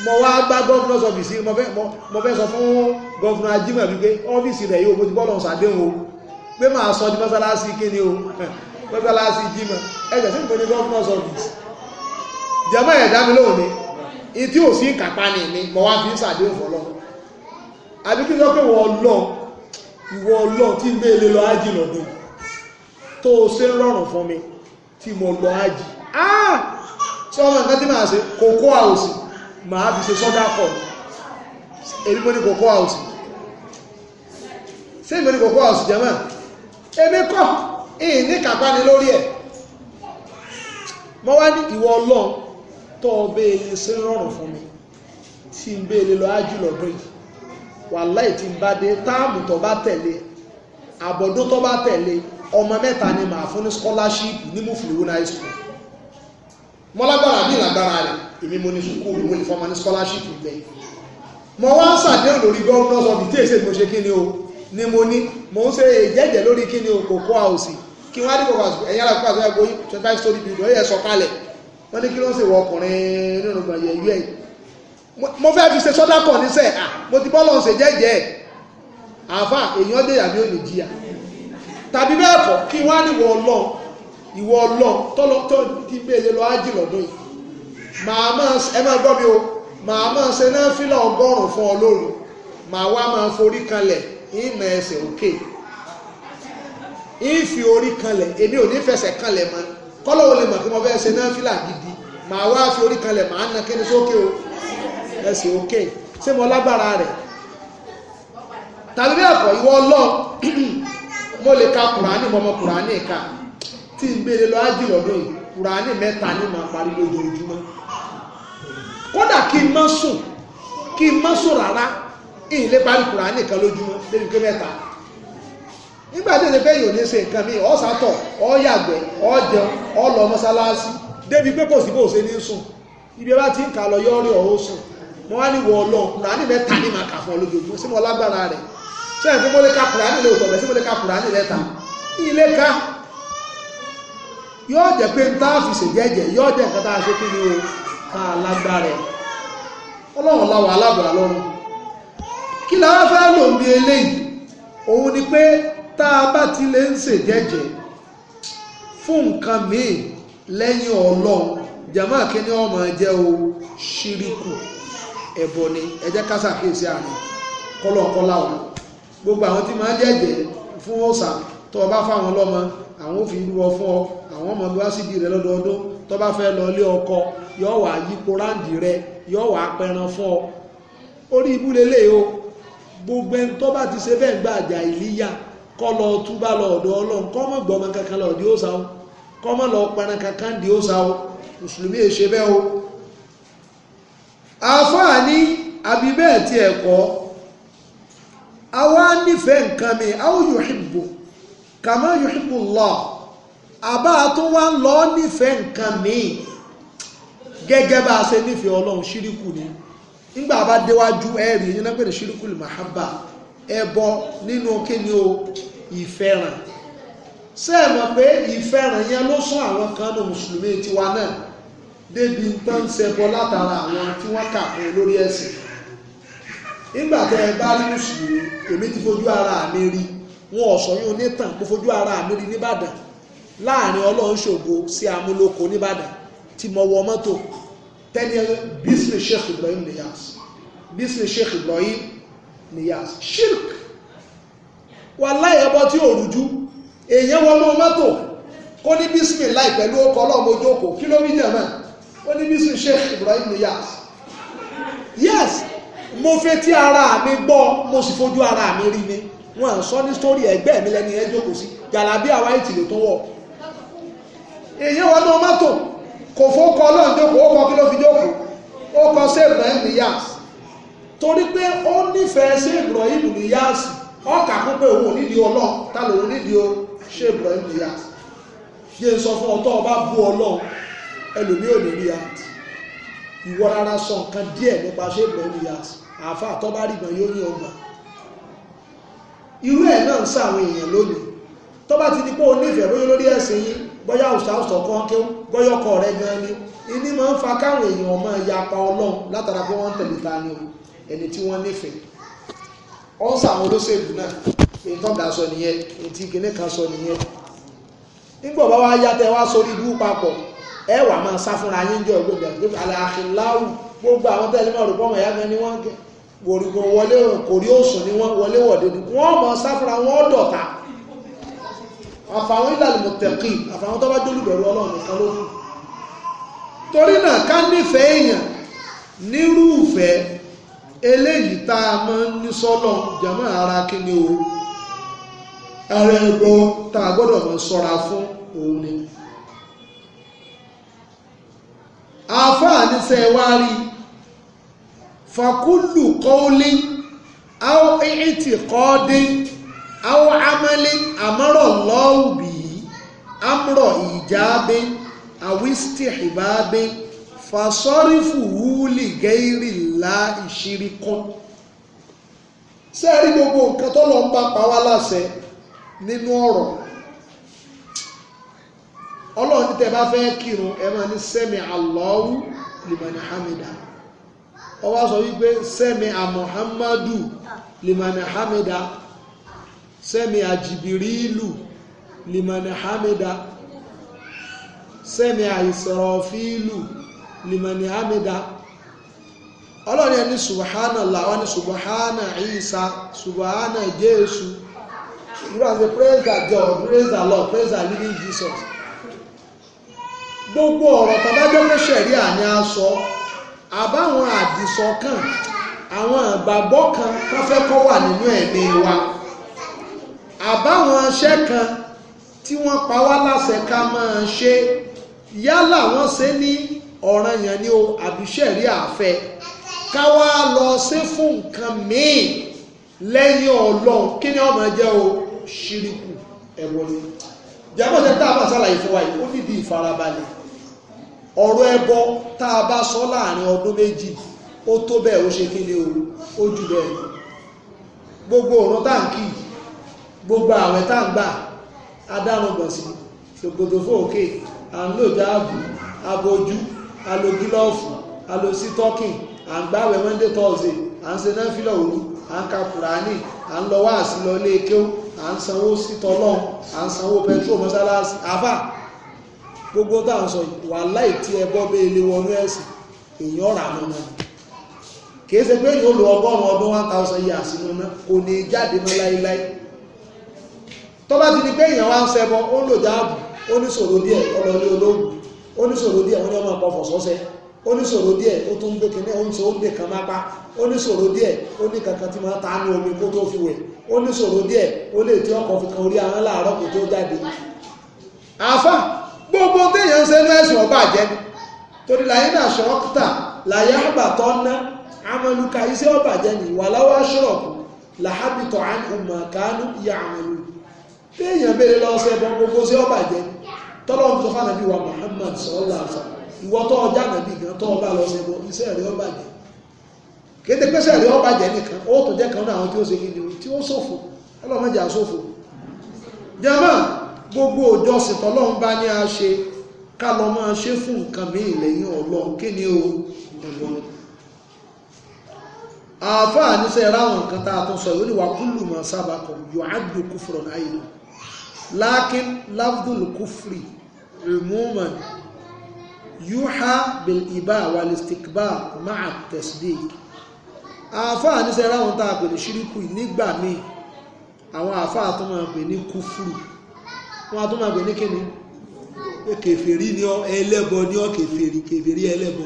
mo wá gbá gọ́fúnà sọ́fíìsì mo fẹ́ sọ fún gọ́fúnà ajímọ̀ wípé ọ́fíìsì rẹ̀ yóò mo ti bọ́lọ̀ ṣàdéhùn o pé máa sọ di mọ́sálásí kí ni o mọ́sálásí jímọ̀ ẹgbẹ̀ sí ìpínlẹ̀ gọ́fúnà sọ́fíìsì jẹ́mọ́ ẹ̀dá mi lóòní ìtí ò sí ìkàpá ni mi mo wá fi ń ṣàdéhùn fọlọ́run àbí kí lọ́pẹ́ ìwọ ọlọ́ ìwọ ọlọ́ tí ń bèèrè lọ ájì lọ́dún tó o ṣe ń rọrùn fún mi tí mo lọ ájì ah tí ọmọ nǹkan tí máa ṣe kòkó àwòsì máa fi ṣe sọ́dá pọ̀ èmi mo ní kòkó àwòsì ṣé èmi mo ní kòkó àwòsì jẹ́ máa èmi kọ́ ìyìn ní kàpá ni lórí ẹ̀ mo wá ní ìwọ ọlọ́ tó o bèèrè ṣe ń rọrùn fún mi tí ń bèèrè lọ ájì lọ́dún yìí wàláì tí ń bá dé táàmù tó bá tẹ̀lé àbọ̀dún tó bá tẹ̀lé ọmọ mẹ́ta ni màá fún ní scholarship ní mufliwun high school mọ́lágbára bí ìlàgbára rẹ̀ èmi mo ní sùkúù mo lè fọmọ ní scholarship bẹ́ẹ̀ mo wá ń ṣàdéhùn lórí governors of the state ṣe mo ṣe kí o ni mo ní mo ń ṣe ìjẹ́jẹ́ lórí kí ni o kòkó àòsì kí wọ́n á dín kòkó àòsì ẹ̀yà àlàkùkọ àti ẹ̀gbọ́n twenty five story building ó yẹ sọ kalẹ̀ wọ́n ní kí ẹ̀yìn mo fẹ́ fi ṣe sọ́dá kọ̀ níṣẹ́ mo ti bọ́lọ̀ ṣe jẹ́jẹ́ àáfà èèyàn dé yàrá òní jìyà tàbí bẹ́ẹ̀ kọ́ kí wọ́n á ní ìwọ ọlọ́run ìwọ ọlọ́run tọ́lọ́ tó ti gbélé lọ ájì lọ́dún yìí màá máa ẹ máa gbọ́ mi o màá máa ṣe náà fílà ọgọ́rùn-ún fún ọ lóru màá wá máa forí kanlẹ̀ ìmọ̀ ẹsẹ̀ òkè ìfi orí kanlẹ̀ èmi ò ní fẹsẹ̀ kanlẹ̀ mọ́ kọ́lọ́wọ́ lè mọ̀ pé mo fẹ́ ṣe náà fílà gidi màá wá fi orí kanlẹ̀ màá na kíni sókè o ẹsẹ̀ òkè ṣé mo lágbára rẹ̀ tàbí ẹ̀kọ́ ìwọ ọlọ́ọ̀ mo lè ka kùránì mọ́mọ kùránì ká tí ń gbére lọ ájì lọ́dún yìí kùránì mẹ́ta ní máa parí lójoojúmọ́ kódà kí n má sùn kí n má sùn rárá ìyìn lè parí kùránì kan lójúmọ́ débi pé mẹ́ta nígbà tó ṣe pé yóò ní ṣe nǹkan mi ọ̀ sátọ̀ ọ̀ yàgbẹ́ ọ̀ jẹun ọ̀ lọ mọ́sálásí débi pé kò sí bó ṣe ní sùn ibi bá ti ń kà lọ yọ́ọ̀rì ọ̀hún sùn mo wá ní wọ ọlọ́run kùránì mẹ́ta ní màkà fún ọlójoojúmọ́ sí mo lágbára rẹ̀ sẹ́yìn tó mọ́lé ká kùránì lè òtọ̀bẹ̀ sí mọ́lé ká kùránì lẹ́ta ilé ká yóò jẹ́ pé ń táàfì ṣèjẹ́jẹ́ yóò jẹ́ nǹkan tá a ṣe kí ni o ká lágbára ẹ̀ ọlọ́run láwọ alábọ̀ lọ́rùn kí la wá fẹ́ lò ń bi eléyìí òun ni pé tá a bá ti lè ń ṣèjẹ́jẹ́ fún nǹkan míì lẹ́yìn ọlọ́run jàmáà kí ni ọmọ jẹ́ o ṣíríkù ẹbọ ni ẹ jẹ́ ká ṣàkíyèsí àárín kọ́lọ̀kọ́lá wọn gbogbo àwọn tí máa jẹ́jẹ́ fún ọ̀sà tó o bá fáwọn lọ́mọ àwọn ò fi rúwọ fún ọ àwọn ọmọ bí wá síbi rẹ lọ́dọọdún tó bá fẹ́ lọ ilé ọkọ yóò wá yípo ráǹdì rẹ yóò wá pẹran fún ọ orí ibú lélẹ̀ o gbogbo ẹni tó bá ti ṣe bẹ́ẹ̀ gbà àjà ìlíyà kọ́ lọ túbà lọ ọ̀dọ̀ ọlọ́run kọ́ mọ̀ gbọ́mọ kankan lọ di àáfàá ní àbí bẹ́ẹ̀ tí ẹ̀ kọ́ àwa nífẹ̀ẹ́ nǹkan mi aw yuhibbu kama yuhibbu Allah àbá tó wá ń lọ nífẹ̀ẹ́ nǹkan mi gẹ́gẹ́ bá a ṣe nífẹ̀ẹ́ ọlọ́run ṣíríkù ni nígbà bá déwájú ẹ̀rí yín náà pèrè ṣíríkù lè mahabba ẹbọ nínú kíni o ìfẹ́ràn sẹ́ẹ̀ mọ̀ pé ìfẹ́ràn yẹn ló sún àwọn kan ní mùsùlùmí tiwa náà débi tó ń ṣẹbọ látara àwọn tí wọ́n kà fún lórí ẹ̀sìn nígbà tẹ́ ẹ bá rí mùsùlùmí èmi ti fojú ara mi rí wọn ọ̀sọ́ yóò nítàn mo fojú ara mi rí nìbàdàn láàrin ọlọ́run ṣògo sí amúlòkó nìbàdàn tí mo wọ mọ́tò tẹ́lẹ̀ bísí Sheikh Ibrahim Niyas bísí Sheikh Ibrahim Niyas shirk wà láì ẹbọ tí ò rújú èèyàn wọnú mọ́tò kó ní bísí mi láì pẹ̀lú ọkọ̀ ọlọ́mọdé òkò kí ló rí jẹ̀ náà ó ní bísí Sheikh Ibrahim Niyas yes mo fetí ara mi gbọ́ mo sì fojú ara mi rí ni wọn à sọ ní sórí ẹgbẹ́ mi lẹ́ni ẹjọ́ kò sí jàlábí àwa ìtìlẹ̀ tó wọ̀ èyí wọn náà mọ́tò kò fọ́kọ ọlọ́run jókòó ó kọ kí ló fi jókòó ó kọ sí Ibrahim Niyas torí pé ó nífẹ̀ẹ́ sí Ibrahim Niyas ọkà kún pé òun nídìí ọlọ́run tá lòun nídìí o ṣé Ibrahim Niyas yé sọ fún ọtọ́ ọba bú ọlọ́run ẹlòmí ò ní react ìwọ rárá sọ nǹkan díẹ̀ nípa ṣé ìbọn react àáfà tó bá rí ìbọn yóò ní ọgbà irú ẹ̀ náà ń sá àwọn èèyàn lónìí tó bá ti di pé o nífẹ̀ẹ́ bóyá lórí ẹ̀sìn yín bóyá òṣàṣọ kan kí bóyọkọ rẹ gan ni iní máa ń fa káwọn èèyàn máa yapa ọlọ́run látara pé wọ́n ń tẹ̀lé ta ni o ẹni tí wọ́n nífẹ̀ẹ́ ọ ń sàwọn olóṣèlú náà èyí tó ga sọ nìyẹn èyí tí kìnnìkan sọ nìyẹn nígbà bá wá yá tẹ wá sórí ibú papọ̀ ẹ wà máa sá fúnra yín jọ gbogbo àgbẹ̀fẹ́ aláàkìláwù gbogbo àwọn tẹ́lẹ̀ náà rò pọ́mọ̀ ìyáàgbẹ́ ni wọ́n wòrìgbò wọlé kò rí òsùn ni wọ́n wọlé wọ̀dé ni wọ́n máa sá fúnra wọn dọ̀ta àfàwọn ìlànà mọ̀tẹ̀kì àfàwọn tó bá jólùbẹ̀rù ọlọ́run nìkan ló kù torí náà ká nífẹ̀ẹ́ èèyàn nírúfẹ́ eléyìí tá a máa ń ní sọ́lọ̀ jàmọ́ ara kíni o ara ẹgbọ́ tá a gbọ́dọ̀ máa sọ́ra fún òun ni àáfàá ní sẹ́ wá rí fàkúlù kọ́ọ́lé àwọn ètì kọ́ọ́dé àwọn amẹ́lé àmọ́rọ̀ lọ́ọ̀bì amọ̀rọ̀ ìjábé àwísítì ìbábé fàṣọ́rífù wúlì gẹ́rì lá ìṣirikọ́ sẹ́ẹ̀rí gbogbo nǹkan tó lọ ń bá pa wá láṣẹ nínú ọ̀rọ̀ ọlọ́run ní tẹ́ bá fẹ́ kírun ẹ máa ní sẹ́mi Allahu limani hamida ó wá sọ wípé sẹ́mi amuhammadu limani hamida sẹ́mi ajibirilu limani hamida sẹ́mi àìsọ̀rọ̀fíìlù limani hamida ọlọ́run ẹni subhanallah wọ́n ni subhana isa subhana jésù you know praise the God praise the Lord praise the living Jesus gbogbo ọ̀rọ̀ tàbájọ́ pé ṣẹ̀ríà ni a sọ àbáwọn àdìsọ́kàn àwọn àgbàgbọ́ kan tó fẹ́ kó wà nínú ẹ̀mí wa àbáwọn iṣẹ́ kan tí wọ́n pa wá láṣẹ ká máa ṣe yálà wọ́n ṣe ní ọ̀ranyàn ni o àbí ṣẹ̀ríà fẹ́ ká wá lọ ṣe fún nǹkan míì lẹ́yìn ọlọ́run kí ni ọmọ jẹ́ o ṣíríkù ẹ̀wọ̀n ni jàmbá ṣe tá a bá ṣàlàyé fún wa yìí ó nídìí ìfarabalẹ̀ ọ̀rọ̀ ẹbọ tá a bá sọ láàrin ọdún méjì ó tó bẹ́ẹ̀ ó ṣe kéde o ó jù bẹ́ẹ̀ gbogbo ọ̀rọ̀ táǹkì gbogbo àwẹ̀ táǹgbà adárùngbọ̀nsí ṣògbòdò fòókè àńlòjáàbù abojú alogílọ́ọ̀fù alosítọ́kìn à ń gbáwẹ̀ monday thursday à ń ṣe náfìlà òru à ń ka kùránì à ń lọ wáàsí lọ kéw à ń sanwó sítọ́lọ́ọ̀ à ń sanwó pẹtrol mọ́sálásí àfà gbogbo tá à ń sọ wà láì tí ẹ bọ́ bẹ́ẹ̀ lé wọnú ẹ̀sìn èèyàn rà mọ́ náà kìí ṣe pé yóò lo ọgọ́rùn ọdún 1000 years sínú náà kò ní jáde mọ́ láíláí tó bá ti di pé èèyàn wá ń ṣẹbọ ó ń lò jáàbù ó ní sòrò díẹ̀ ọlọ ní olóògùn ó ní sòrò díẹ̀ ó ní ọmọ àpapọ̀ sọ́sẹ́ ó ní sòrò díẹ̀ ó tún ń gbé kìnní ó ń sọ ó ń gbé kan mápá ó ní sòrò díẹ̀ ó ní kankan tí máa ta ní omi kó tó fi wẹ̀ ó ní sòrò díẹ̀ ó lè tí ọkọ̀ fi kan orí ahọ́n láàárọ̀ kó tó jáde àáfà gbogbo téèyàn ń ṣe ní ẹ̀sùn ọba àjẹ́ ni torí láyé náà ṣọ́ọ́kítà láyé àbàtọ́ ná amẹ́lúka iṣẹ́ ọba àjẹ́ ni ìwà láwá ṣọ́ọ̀kù làhábìtọ̀ àmọ̀ kánú ìyá àmẹ́lú téèyàn béèrè lọ ṣe bọ́ gbogbo sí ọba àjẹ́ ni tọ́lọ́run tó fànà bí wa Muhammad sọ́ọ́lá àfà ìwọ tó ọjà nàbí gan tó ọba lọ ṣe bọ́ iṣẹ́ rẹ̀ ọba àjẹ́ kéde pẹ́sẹ̀ rẹ̀ ọba àjẹ́ nìkan ó tó jẹ́ gbogbo ìjọsìn tọ́lọ́run bá ní a ṣe ká lọ máa ṣe fún nǹkan míì lẹ́yìn ọlọ́run kí ni o ọlọ́run àáfàá níṣẹ́ ráwọn nǹkan tá a tún sọ yóò ní wà kúlù mọ́ sábà kan yóò á kúfùrọ̀ náà yìí lákín láfdùl kúfùrì rìmúmọ̀n yúhá bil ìbá wàlìstìkbà máa tẹ̀sídẹ̀ẹ́ àáfàá níṣẹ́ ráwọn tá a pè ní ṣíríkù nígbà míì àwọn àáfàá tó pè ní kúfùrù wọ́n tó máa gbé ní kíni kèfèrí ni ọ ẹlẹ́bọ ni ọ kèfèrí kèfèrí ẹlẹ́bọ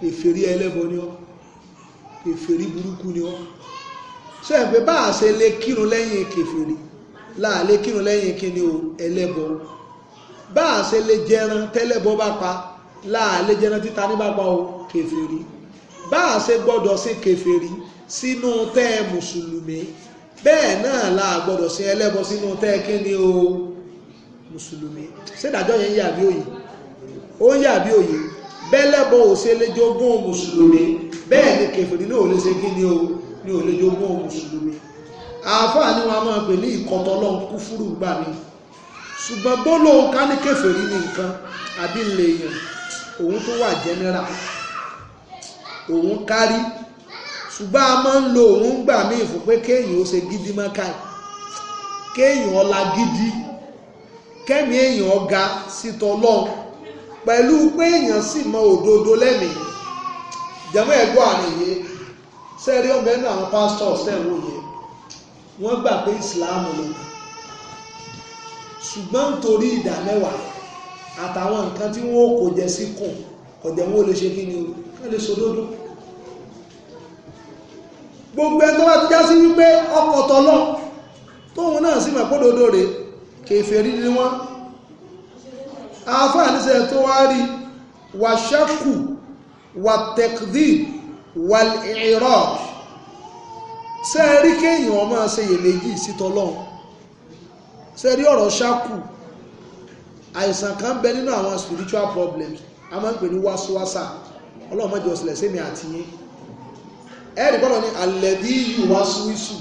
kèfèrí ẹlẹ́bọ ni ọ kèfèrí burúkú ni ọ ṣe é pé bá a ṣe lè kírun lẹ́yìn kèfèrí láà lè kírun lẹ́yìn kíni o ẹlẹ́bọ bá a ṣe lè jẹran tẹ́lẹ́bọ bá pa láà lè jẹran títa ní bá pa o kèfèrí bá a ṣe gbọ́dọ̀ sí kèfèrí sínú tẹ́ mùsùlùmí bẹ́ẹ̀ náà la gbọ́dọ̀ sí ẹlẹ́bọ sínú tẹ́ kíni o mùsùlùmí ṣèdájọ́ yẹn yà bí òye ó yà bí òye bẹ́lẹ́bọ̀ ò ṣe lè jogún mùsùlùmí bẹ́ẹ̀ ni kèfèrí náà ò lè ṣe kí ni o ní ò lè jogún mùsùlùmí àáfàá ni wọn máa pè ní ìkọtọ ọlọ́run kú fúrú gbà mí ṣùgbọ́n gbólóhùn ká ní kèfèrí ní nǹkan àbí lè yàn òun tó wà jẹ́nẹ́rà òun kárí ṣùgbọ́n a máa ń lo òun gbà mí fún pé kéèyàn ó ṣe gidi mọ́ká kéèyàn ọlá gidi kẹ́mi èèyàn ọga sítọ̀ ọlọ́run pẹ̀lú pé èèyàn sì mọ òdodo lẹ́mìí jẹ́mọ́ ẹ̀gbọ́ àníyé sẹ́rí ọmọ àwọn pastors tẹ̀wọ́ yẹ wọ́n gbà pé ìsìláàmù ló ní ṣùgbọ́n nítorí ìdá mẹ́wàá àtàwọn nǹkan tí wọ́n kò jẹ sí wọn gbogbo ẹ̀ tó ti já sí wípé ọkọ̀ tọ́lọ́ tóun náà sì mọ̀ pé kèfèrí ni wọ́n afáàníṣẹ́ tó wá rí wàṣákù wàtẹ̀kdì wàlìrọ́k sẹ́ẹ̀rí kéèyàn ọmọ ṣe yèméjì sítọ́lọ́n sẹ́ẹ̀rí ọ̀rọ̀ ṣákù àìsàn kan bẹ nínú àwọn spiritual problems a máa ń pè ní wáṣíwáṣà ọlọ́run mọ́jọ sílẹ̀ sẹ́mi àti yín ẹ̀rí bọ́lọ̀ ní alẹ́bí yìí wáṣíwíṣù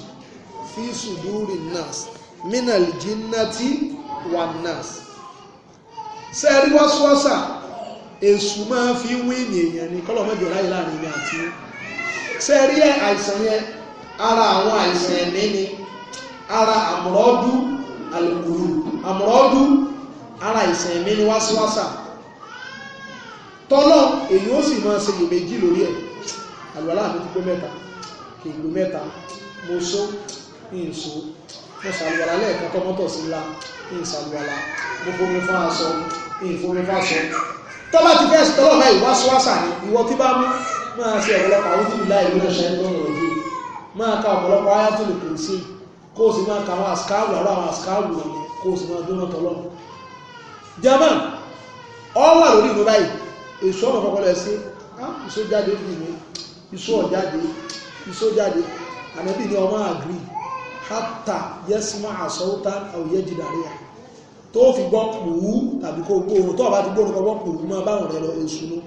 fíṣù lórí nurse minal jinnati wan nas sẹ́ẹ̀rí wọ́sọ́sà èṣù máa fi ń wí ní èèyàn ní kọ́lọ̀ mẹ́jọ láyé láàrin ilé àti sẹ́ẹ̀rí àìsàn yẹn ara àwọn àìsàn ẹ̀mí ni ara àmúrọ́dú àlùkùrù àmúrọ́dú ara àìsàn ẹ̀mí ni wọ́sọ́sà tọ́lọ̀ èyí ó sì máa ṣe iyèméjì lórí ẹ̀ àlùwàlá àmì tó mẹ́ta kìlú mẹ́ta mo sọ ní ìṣó mo ṣàlùwàlà lẹ́ẹ̀kan tọ́ mọ́tò sí ńlá ní ìṣàlùwàlà mo fomi fún aṣọ ní fún aṣọ tọ́lá ti fẹ́ tọ́lọ̀ mẹ́ ìwáṣíwáṣà ni ìwọ tí bá mú máa ṣe ọ̀pọ̀lọpọ̀ àwọn tí ìlà ìlú ṣe máa ka ọ̀pọ̀lọpọ̀ ayatollah lè pèsè kó o sì máa ka àwọn àṣkáàlù àwọn àwọn àṣkáàlù ọ̀nà kó o sì máa dúró tọ́lọ̀ jama ọ wà lórí ìlú báyìí èso ọmọ kọkọlọ sí ìṣó ah, jáde fún ìwé ìṣó ọ̀jáde ọmọ àgbì Hatta yẹ́sùmọ́ àsọ́wọ́tà àwòyẹ́ jìdàrí à tó fi gbọ́ pùú tàbí kó gbóòrò tó bá ti gbóòrò kọ́ gbọ́ pùú máa báwọn rẹ̀ lọ èṣù ló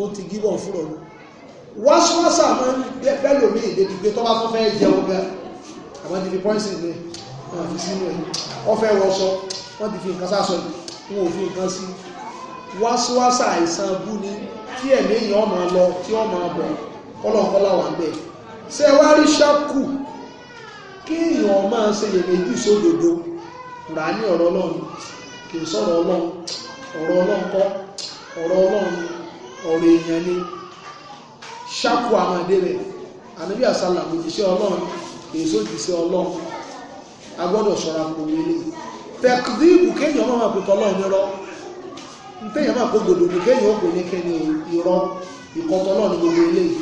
ó ti gíbọ̀ fún ọ̀run wáṣíwáṣà máa ń bẹ́lò ní èdè gbígbé tó bá tó fẹ́ jẹun gan àwọn ti fi pọ́ìsì ní wọn fi sínú ẹ̀ ti fi nǹkan sáṣọ wọn ò fi nǹkan sí wáṣíwáṣà àìsàn bú ni tí ẹ̀mí kéèyàn máa ṣe iyèméjì sódodo rà ní ọ̀rọ̀ ọlọ́run kì í sọ̀rọ̀ ọlọ́run ọ̀rọ̀ ọlọ́run kọ́ ọ̀rọ̀ ọlọ́run ọ̀rọ̀ èèyàn ni ṣáàpù àmàdé rẹ̀ ànábì àsálà òjìṣẹ́ ọlọ́run kì í sójìṣẹ́ ọlọ́run a gbọ́dọ̀ ṣọ́ra pòwé lè tẹ̀kìdìbù kéèyàn máa pè tọ́lọ́run nírọ́ téèyàn máa pè gbòdòdò kéèyàn ó pè ní kẹ́ni irọ́ ìkọ́tọ́lọ́run gbogbo eléyìí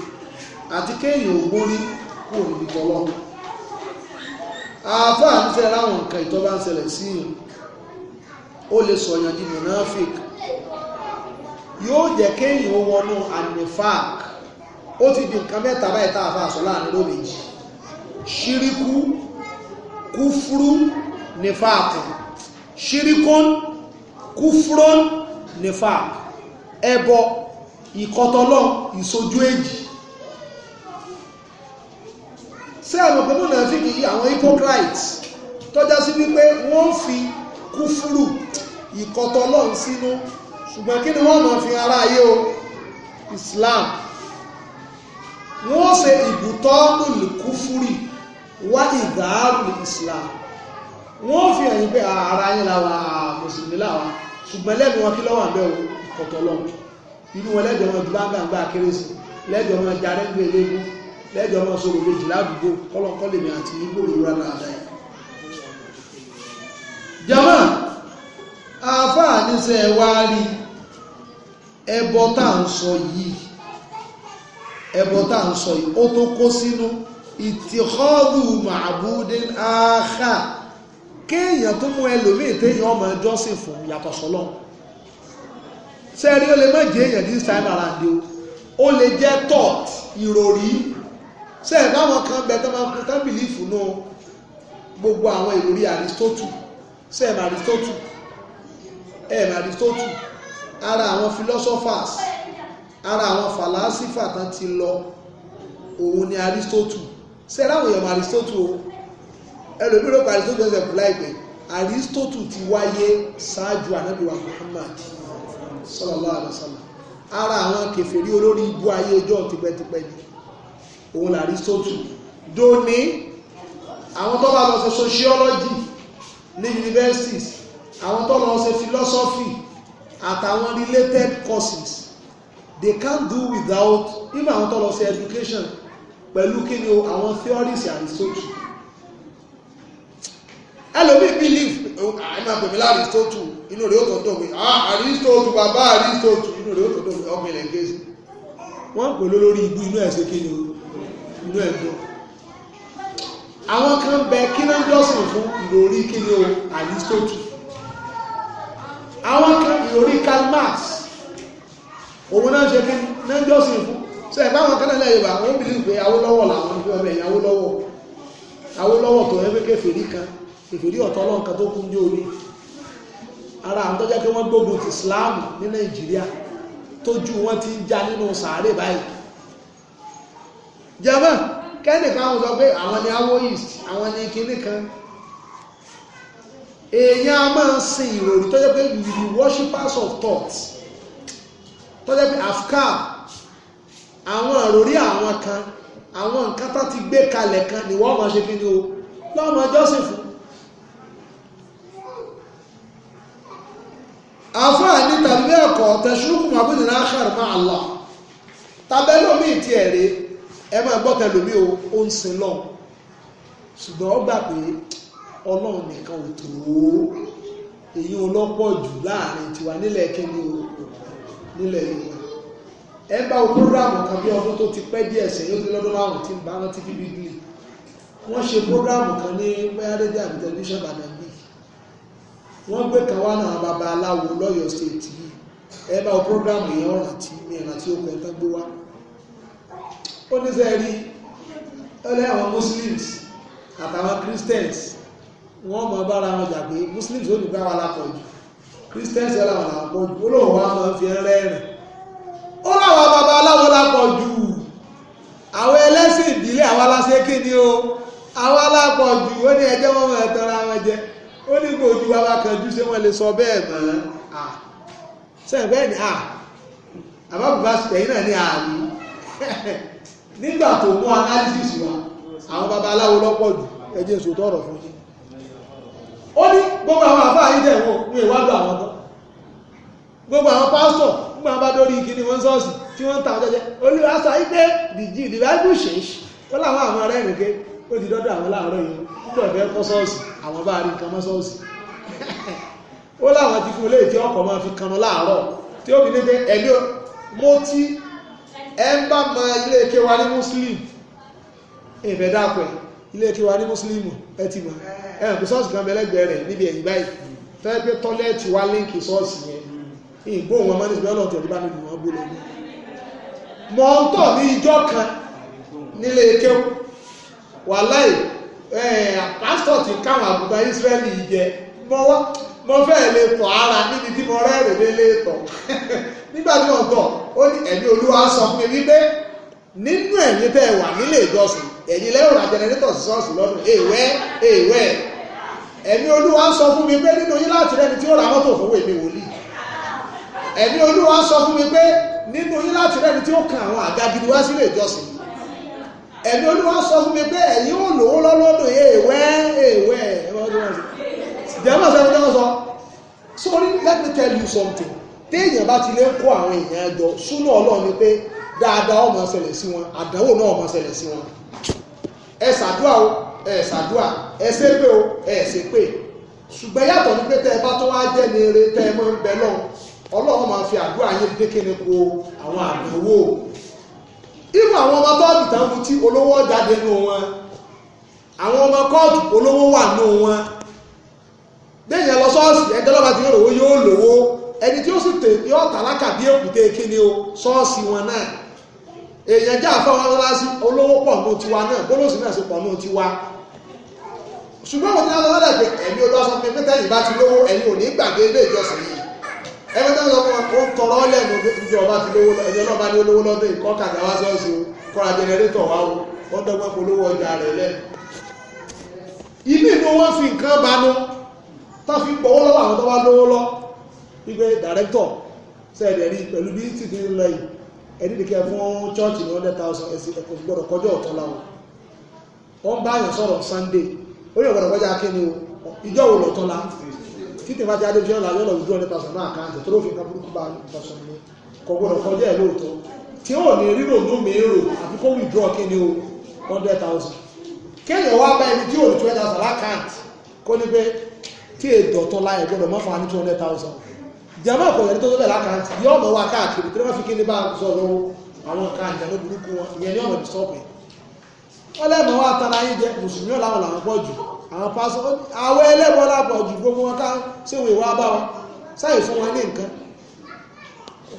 àti kéèyàn ò gbórí kúrò níbi tọ́lọ́run àáfàá ń fẹ́ ráwọn nǹkan ìtọ́ bá ń ṣẹlẹ̀ sí yìí ó lè sọ̀yàn di monafik yóò jẹ́ kéèyàn ó wọnú anifak ó ti di nǹkan mẹ́ta báyìí tá a fa àṣọ láàrin ló méjì ṣíríkú kúfúrú nifak ṣíríkún kúfúrún nifak ẹbọ ìkọtọlọ ìsojú èjì ṣé àwọn pé mùnàfíkì yìí àwọn hypocrites tọ́já sí wípé wọ́n fi kúfúrù ìkọ̀tọ̀ Ọlọ́run sínú ṣùgbọ́n kí ni wọ́n mọ̀ fi ara ayé o Islam wọ́n ṣe ìbùtọ́nù kúfúrì wá ìdáàbò Islam wọ́n fi ẹ̀yìn pé ah, ara yín láwa ah, mùsùlùmí láwa ṣùgbọ́n lẹ́nu wọn kí lọ́wọ́ àbẹ́ ìkọ̀tọ̀ Ọlọ́run inú wọn lẹ́jọ́ wọn ju bá gbàgbà kérésì lẹ́jọ́ wọn jarẹ́gbẹ̀ẹ́lẹ́gún lẹ́jọ́ máa sọ̀rọ̀ lójú ládùúgbò kọ́lọ́kọ́lẹ̀ mi àti nígbòrò rà dáadáa jama àáfàá níṣẹ́ wá rí ẹbọ tá à ń sọ yìí ẹbọ tá à ń sọ yìí ó tó kó sínú ìtìkọ́dù màbúdín áhà kéèyàn tó mú ẹlòmíì téèyàn ọmọ ẹjọ́sìn fún yàtọ̀ sọ́lọ́ sẹ́rí ó lè má jẹ́ èèyàn this time ó lè jẹ́ thought ìròrí ṣe ẹ̀ báwọn kan bẹ tó máa kú tán bìlífù nù gbogbo àwọn ìròrí àrístótù ṣe ẹ̀ mà àrístótù ẹ̀ mà àrístótù ara àwọn philosophers ara àwọn fàlásífà tán ti lọ òun ni àrístótù ṣe ẹ̀ láwọn èèyàn mà àrístótù o ẹlòmíràn pa àrístótù ẹsẹ̀ kù láìpẹ́ àrístótù ti wáyé ṣáájú ànábìwá Muhammad sallallahu alaihi wasallam ara àwọn kèfèrí olórí ibú ayé ọjọ́ tipẹ́tipẹ́ ni òun làrí sótù dóní àwọn tó bá lọ ṣe sociology ní universities àwọn tó lọ ṣe philosophy àtàwọn related courses they can't do without even àwọn tó lọ ṣe education pẹ̀lú kí ni o àwọn theories àrí sótù ẹlòmíì believe àìmọ̀ oh, ah, pèmí láàrístótù inú rẹ̀ ó tó dùn mí àrístótù ah, bàbá àrístótù inú rẹ̀ ó tó dùn mí ọmọ ilẹ̀ gẹ́ẹ̀sì wọ́n pè lólórí ibú inú ẹ̀ṣẹ́ kí ni o inú ẹ̀ dùn àwọn kan bẹ kí náà jọ́sìn fún ìròrí kí ni o Aristotle àwọn kan ìròrí Karl Marx òun náà ṣe kí náà jọ́sìn fún ṣe ẹ̀gbá àwọn kan náà Yorùbá wọ́n bìlí pé Awólọ́wọ̀ làwọn fi ọmọ ẹ̀yìn Awólọ́wọ̀ Awólọ́wọ̀ tó ẹgbẹ́ kẹfìrí kan kẹfìrí ọ̀tọ̀ ọlọ́nkan tó kún ní orí ara àwọn tó jẹ́ pé wọ́n gbógun ti Islam ní Nàìjíríà tójú wọn ti ń já nínú sàárè báyìí jẹ́mọ́ kẹ́nìkan àwọn sọ pé àwọn ni awo east àwọn ni kinní kan èèyàn a máa ń sin ìròrí tó jẹ́ pé you be worshippers of thoughts tó jẹ́ pé afkar àwọn ìròrí àwọn kan àwọn nǹkan tó ti gbé kalẹ̀ kan ni wọ́n máa ṣe kí ni o lọ́mọ jọ́sìn fún àfáà ní tàbí ẹ̀kọ́ tẹ̀sùrùkùn àbúdìnnà àkàrà máa lọ tàbẹ́lómi ti ẹ̀rẹ́ ẹ máa gbọ́ tẹlómi o ó ń sin lọ ṣùgbọ́n ó gbà pé ọlọ́run nìkan ò tó o èyí ọlọ́pọ̀ jù láàrin tiwa nílẹ̀ kíni nílẹ̀ yorùbá ẹ bá o programu kan bí ọdún tó ti pẹ́ díẹ̀ sẹ́yìn ó ti lọ́dún márùn tí ń bá rántí bíbí bíi wọ́n ṣe programu kan ní mayadede àbí tẹlifíṣàn bàdàn bíi wọ́n gbé kan wá náà bàbá aláwo lọ́yọ̀ọ́ state yìí ẹ bá o programu yẹn ọ̀ràn tí mi ìrántí ó pẹ́ tán gbé wá ó ní sẹ́ẹ̀rí ọlẹ́ àwọn muslims àtàwọn christians wọ́n mọ̀ bára wọn jà pé muslims ó ní bá wa lápọ̀ christians ọ̀là wọn lápọ̀ jù olóòwò wa máa fi rẹ́rìn ó láwọn bàbá aláwọ̀ lápọ̀ jù àwọn ẹlẹ́sìn ìbílẹ̀ àwọn aláṣẹ kí ni o àwọn alápọ̀ jù ó ní ẹjẹ́ wọn máa tọrọ àwọn jẹ ó ní kò ju ni àbábùbá náà ní ààrùn nígbà tó mú analysis wa àwọn babaláwo lọ́pọ̀ jù ẹjẹ́ èso tọrọ fún ní gbogbo àwọn àfáà yìí dẹ̀ ní ìwádùn àwọn gbogbo àwọn pásọ̀ nígbà wọn bá dórí ìkí wọ́n sọ́ọ̀sì tí wọ́n ta ọjọ́jẹ́ olùwàsá dìjì ẹ mọ ilé muslim ìbẹ̀ dápẹ́ ilé ike wa ní muslim ẹ ti mọ̀ ẹ ń sọ́ọ̀sì kan bẹ́lẹ́gbẹ̀ẹ́ rẹ̀ níbi ẹ̀yìn báyìí fẹ́ pé tọ́lẹ́ẹ̀tì wa líǹkì sọ́ọ̀sì yẹn ìgbó wọn mọ́ nísìnyí ọlọ́ọ̀tì ọ̀dí bá mi dùn bó lẹ́nu ń tọ̀ ní kan nílé ara níbi tí mo rẹ́rìn nígbà tí wọ́n tọ̀ ó ní ẹ̀mí olúwa sọ fún mi wípé nínú ẹ̀yin tẹ́ ẹ wà nílé ìjọsìn ẹ̀yin lẹ́rù ra jẹnẹrétọ̀ sí ṣọ́ọ̀ṣì lọ́dún èèwẹ́ èèwẹ́ ẹ̀mí olúwa sọ fún mi pé nínú yín láti rẹ́ni tí ó ra mọ́tò fún èmi wòlíì ẹ̀mí olúwa sọ fún mi pé nínú yín láti rẹ́ni tí ó kan àwọn àga gidi wá sílé ìjọsìn ẹ̀mí olúwa sọ fún mi pé ẹ̀yin ò lówó lọ́lọ́dún èèwẹ́ èèwẹ́ ẹ̀mí olúwa sọ fún mi pé ẹ̀yin ò lówó lọ́lọ́dún èèwẹ́ èèwẹ́ téèyàn bá ti lè kó àwọn èèyàn jọ súnú ọlọ́run ni pé dáadáa ọmọ ṣẹlẹ̀ sí wọn àdánwò náà ọmọ ṣẹlẹ̀ sí wọn ẹ ṣàdúrà o ẹ ṣàdúrà ẹ ṣe pé o ẹ ṣe pé ṣùgbọ́n yàtọ̀ ní pé tẹ́ ẹ bá tó wá jẹ́ ní eré tẹ́ ẹ mọ́ ń bẹ lọ́hùn ọlọ́run máa fi àdúrà yín dékèrè po àwọn àdánwò ìmọ̀ àwọn ọmọ bọ́ọ̀lù tán mú tí olówó jáde nù wọn àwọn ọmọ kóòtù olówó wà nù wọn bẹ́ẹ̀ yẹn lọ sọ́ọ̀sì ẹgbẹ́ lọ́ba ti yóò lówó yóò lówó ẹni tí ó sì tè yọ tàlákà bí èkúté kíni o ṣọ́ọ̀ṣì wọn náà èèyàn jẹ́ àfáwọn aláṣí olówó pọ̀ ní tiwa náà gbólóṣì náà sì pọ̀ ní tiwa ṣùgbọ́n òun ní aṣọ lọ́dẹ̀ pé ẹ̀mí olóṣọ pé mẹ́tẹ́lì bá ti lówó ẹ̀yin ò ní gbàgbé ilé ìjọsìn yìí ẹni tó ń sọ fún wa ó ń tọrọ lẹ́nu ìjọ ọba ti lówó ẹni ọlọ́ba ní olówó lọ́dún yìí kọ́ka gàwá sọ́ọ̀sì o kọ́ra jẹnẹrétọ̀ wípé director sẹ́ẹ̀dẹ̀ rí pẹ̀lú bí tí ti lọ yìí ẹ̀dídìkẹ́ fún church ní hundred thousand ẹ̀sìn ẹ̀kọ́ gbọ́dọ̀ kọjọ́ ọ̀tọ̀ láwọn wọ́n bá sunday ó yàn gbọ́dọ̀ kọjá kí ni o ìjọ wo lọ̀tọ̀ la títí bá ti adé fi ọ̀la yọ̀lọ̀ hundred thousand náà káàkiri tó ló fi nǹkan burúkú bá ọ̀sán ni kò gbọ́dọ̀ kọjá ẹ̀ lóòótọ́ tí withdraw kí ni hundred thousand kéèyàn wá bá ẹni tí ò ní twenty thousand lákàntì kó ní pé tí èdè ọ̀tọ̀ la ẹ̀ gbọ́dọ̀ mọ́fà ní two hundred thousand jama àkọ̀yẹ̀ tó tọ́lẹ̀ lákàntì yọ ọmọ wa káàkiri tí wọ́n fi kí ní bá sọ lọ́wọ́ àwọn kan ìjànà burúkú wọn ìyẹn ní ọmọ ìsọ́pẹ̀ wọ́n lẹ́mọ̀ wá tara yín jẹ mùsùlùmí ọ̀làwọ̀ làwọn pọ̀ jù àwọn pásọ àwọn ẹlẹ́bọ̀ lápọ̀ jù gbogbo wọn ká síwò ìwà bá wọn sáyè fún wọn ní nǹkan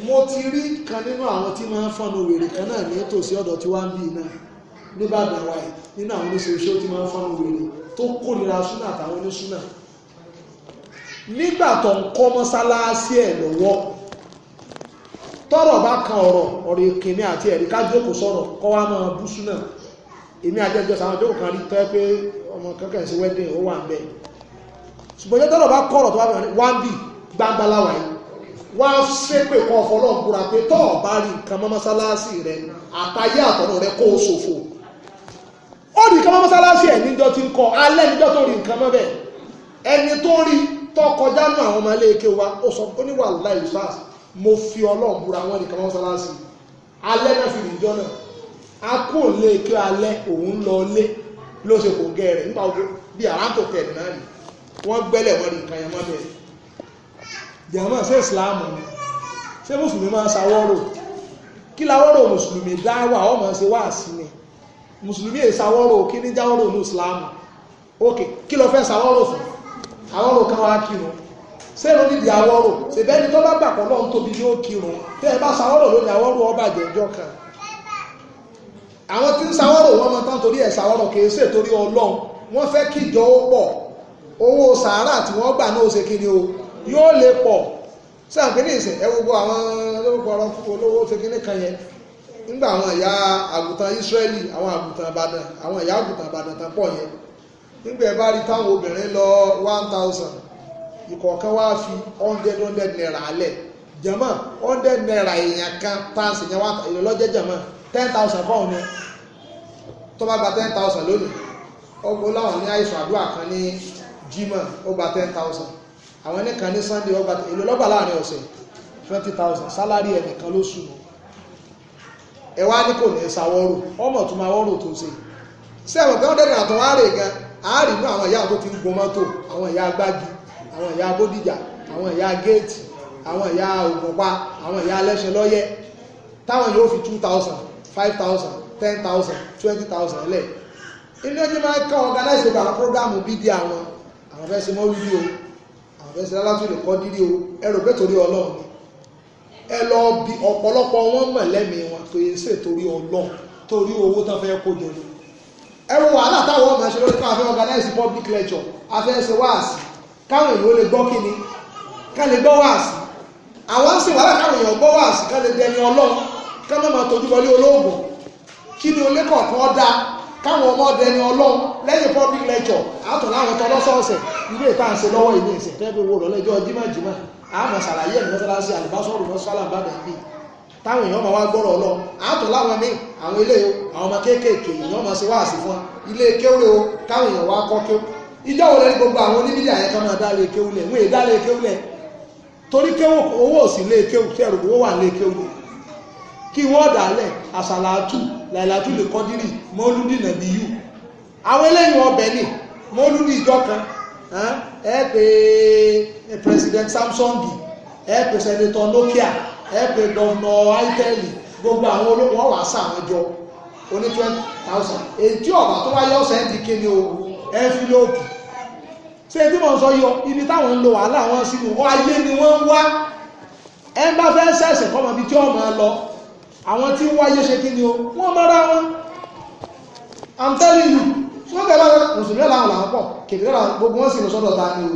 mo ti rí kan nínú àwọn tí máa ń fọnù wèrè kan náà ní tòsí ọ̀dọ̀ tí wọ́n ń bì náà nígbàdàn wáyé nínú àwọn oníṣòwò tí máa ń fọnù wèrè tó kórìíra súnà àtàwọn oníṣúnà nígbà tó ń kọ́ mọ́sálásí ẹ̀ lọ́wọ́ tọ́rọ̀ bá kan ọ̀rọ̀ ọ̀rọ̀ ìkíní àti ẹ̀rí kájókò sọ̀rọ̀ kọ́ wá máa bú súnà èmi àjẹjọ sàwọn jókòó kan rí tọ́ pé ọmọ kankan sí wedding ó wà ń bẹ̀ ṣùgbọ́n jẹ́ tọ́rọ̀ bá kọ́rọ̀ tó wá bẹ̀rẹ̀ wá ń bì gbangbalawa yìí wá ṣépè kọ́ ọ̀fọ́lọ́n búra pé tọ́ ọ̀ bá rí nǹkan mọ́ mọ́sálásí rẹ àtàyé àtọ̀nà rẹ kó o ṣòfò ó rí nǹkan mọ́ mọ́sálásí ẹ̀ níjọ́ tí ń kọ́ alẹ́ níjọ́ tó rí nǹkan mọ́ bẹ́ẹ̀ ẹni tó rí tọkọjá náà àwọn ọmọ iléeké wa ó sọ ó ní wàhálà ìsàs mo fi ọlọ́run búra wọn nìkan wọn sáláṣí alẹ́ náà fi nìjọ náà a kú òléeké alẹ́ òun lọ lé ló ṣe kò gẹ́ rẹ̀ nípa ogun bí àrántò tẹ̀ náà ni wọ́n gbẹ́lẹ̀ wọn nìkan yẹn mọ́bẹ̀ jẹ̀mọ́ ṣé ìsìláàmù ni ṣé mùsùlùmí máa ṣàwọ́rò kí láwọ́rò mùsùlùmí dáwà ọmọ ṣe wá sí ni mùsùlùmí èsàwọ́rò kí ní jáwọ́rò ní ìsìláàmù ókè kí lọ fẹ́ ṣàwọ́rò fún àwọn ọ̀rọ̀ kan wá kírun ṣé ló níbi àwọ̀rọ̀ ṣèbẹ́ni tó bá gbàpọ̀ lọ́run tóbi ní ó ọba àjẹjọ́ kan àwọn tí ń sàwọ́rọ̀ wọn mọ tán torí ẹ̀ sàwọ́rọ̀ kì í ṣe torí ọlọ́run wọ́n fẹ́ kíjọ ó pọ̀ owó sàárà tí wọ́n gbà náà ṣe o yóò lè pọ̀ ẹ gbogbo àwọn olórúkọ olówó ṣe kan yẹn nígbà àwọn ìyá àgùntàn àwọn àgùntàn nígbà ẹ bá rí táwọn obìnrin lọ one thousand ìkọ̀ọ̀kan wá fi hundred hundred naira alẹ̀ jẹ̀mọ́ hundred naira èèyàn kan táàsì yẹn wá ìrọ̀lọ́jẹ́ ten thousand kọ́ ọ̀nà tó bá gba ten thousand lónìí ọgbọ́n láwọn ní àìsàn àdúrà kan ní Jímọ̀ ó gba ten thousand àwọn ẹnìkan ní Sunday ó gba èlò láàrin ọ̀sẹ̀ twenty thousand sálárì ẹnìkan ló sùn ẹ wá ní kò ní ọmọ tó máa wọ́rò tó ṣe àárín inú àwọn ìyá tó ti ń gun mọ́tò àwọn ìyá agbági àwọn ìyá bódìjà àwọn ìyá géètì àwọn ìyá ògùnpa àwọn ìyá alẹ́ṣẹ́ lọ́yẹ́ táwọn yóò fi two thousand five thousand ten thousand twenty thousand lẹ̀ inú ẹni máa ń kọ́ organize gbogbo àwọn programu bíi di àwọn àwọn fẹ́ ṣe mọ́ wíwí o àwọn fẹ́ ṣe lálátú lè kọ́ dídí o ẹ rò pé torí ọlọ́run ni ẹ lọ bí ọ̀pọ̀lọpọ̀ wọn mọ̀ lẹ́mìí wọn kò yẹ ṣètò orí ọlọ́run torí owó tán fẹ́ kó jọ ni ẹ wo wàhálà táwọn ọmọ ẹ̀ṣẹ̀ lórí káwọn afẹ́ organize public lecture afẹ́ ṣe wáàsì káwọn èèyàn ó lè gbọ́ kíni ká lè gbọ́ wáàsì àwọn ń ṣe wàhálà káwọn èèyàn gbọ́ wáàsì ká lè dẹni ọlọ́run ká má máa tọ́jú bọlé olóògùn kí ni olé kọ̀ọ̀kan ọ̀dà káwọn ọmọ dẹni ọlọ́run lẹ́yìn public lecture àtọ̀ láwọn tọ́ lọ́sọ̀ọ̀sẹ̀ ilé ìtànṣe lọ́wọ́ ìní ìsìn tẹ́gbẹ̀wò rọ̀lẹ́jọ́ jimájimá àmọ̀ sàlàyé ẹ̀ mọ́sálásí àlùbásọ́rù mọ́sálà bá dàbí táwọn èèyàn máa wá gbọ́rọ̀ ọlọ́ àátọ̀ láwọn míì àwọn ilé àwọn ọmọ kéékèèké èèyàn máa ṣe wáàsí fún ilé kéwúlé o káwọn èèyàn wá kọ́ kéw ìjọ wo lẹ́ni gbogbo àwọn oníbílì àyẹ̀ká máa dálé kéwúlẹ̀ wọ́n èè dálé kéwúlẹ̀ torí kéwù owó òsì lé kéwù tí ẹ̀rù owó wà lé kéwúlẹ̀ kí wọ́n dálẹ̀ àṣàlàtù làìlàtù lè kọ́dírì mọ́lúdì nàbí yù mọ́lúdì ẹ pé president Samsung ẹ Nokia ẹ pé gọ́vnà áítẹ́ẹ̀lì gbogbo àwọn olóko wọn wà á sàwọn jọ oní twenty thousand èyí ọ̀bà tó wáyé ọ̀sẹ̀ ẹ̀ ti ké ní o ẹ́fílóòpù ṣé tí mo sọ yọ ibi táwọn ń lo wàhálà wọn sínú ayé ni wọ́n ń wá ẹ bá fẹ́ ṣẹ̀ṣẹ̀ kọ́mọ ibi tí ọmọ lọ àwọn tí ń wáyé ṣe kí ni o wọ́n mọ́ra wọn i'm telling you ṣé ó kẹ́lá mùsùlùmí làwọn làwọn pọ̀ kèdè làwọn gbogbo wọn sì lọ sọ́dọ̀ ta ni o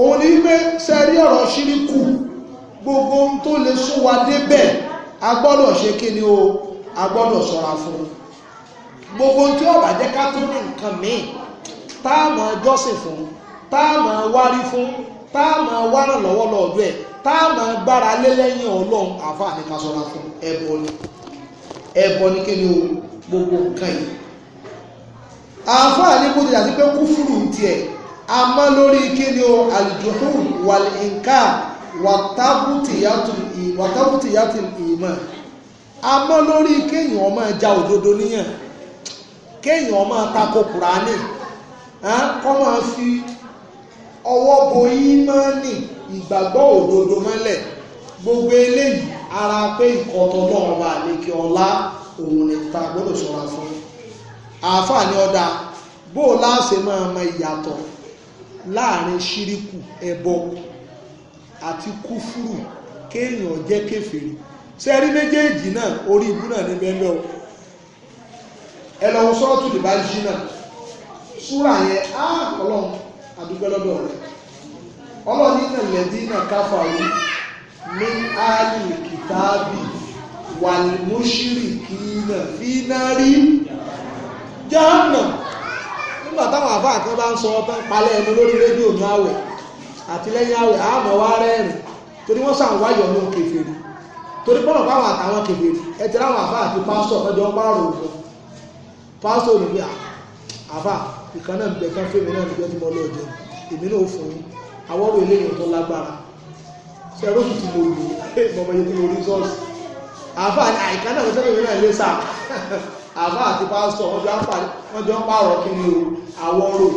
òun ni wípé sẹ́rí ọ̀rọ̀ ṣíríkù gbogbo ohun tó lè sún wa débẹ̀ a gbọ́dọ̀ ṣe kí ni o a gbọ́dọ̀ ṣọ́ra fún un gbogbo ohun tí ó bá jẹ́ ká tó ní nǹkan míì táàmù jọ́sìn fún táàmù wárí fún táàmù wárán lọ́wọ́ lọ́ọ̀dọ́ ẹ̀ táàmù gbára lé lẹ́yìn ọlọ́run àfa ní ká ṣọ́ra fún ẹbọ ni ẹbọ ni kí ni o gbogbo nǹkan yìí àfa ní kó ti dàbí pé kúfùrù tiẹ̀ a ma lori ke ni o alikuhu walika wata bu ti yatu iman a ma lori keyin o ma ja ododo niyan keyin o ma tako purani kan ma fi owo oyi ma ni igbagbo ododo mele gbogbo eleyi ara pe ikoto naa wa niki ola omenita gbono shara fun afa ni oda gboola se ma ama iyato láàrin ṣíríkù ẹbọ àti kúfúrù kéèyàn jẹ́ kèfèrí sẹ́rí méjèèjì náà orí ibú náà ní bẹ́ẹ̀ lọ́wọ́ ẹ lọ́wọ́ sọ́ọ̀tù lè bá jí náà súrà yẹn á ọlọ́run àdúgbò lọ́dọ̀ rẹ̀ ọlọ́run ní ìlẹ̀dí náà káfà rí ní áàlì kìtàbì wàlúmọ́ṣírì kìí náà fi náà nígbà táwọn àfáà kan bá ń sọ ọtán palẹ̀ ẹnu lórí rédíò ní àwẹ̀ àti lẹ́yìn àwẹ̀ àmọ́ wá rẹ́rìn torí wọ́n sàn wáyọ̀ ní kèfèrí torí pọ́nà káwọn àtàwọn kèfèrí ẹ ti ráwọn àfáà àti pásọ̀ ọjọ́ pààrọ̀ òfin pásọ̀ olùgbé àfáà ìkan náà bẹ̀ kan fèmí náà nígbẹ́ tí mo lọ́ọ́ jẹ èmi náà fún yín àwọ̀rò eléyìí tó lágbára ṣe ẹrú tuntun mo lò mọ̀mọ́ yìí tí mo rí sọ́ọ̀sì àfáà àìkan náà mo sẹ́fẹ̀mí náà lé sáà àbá àti pásítọ̀ wọ́n jọ ń pààrọ̀ kí ni o àwọn ọ̀rọ̀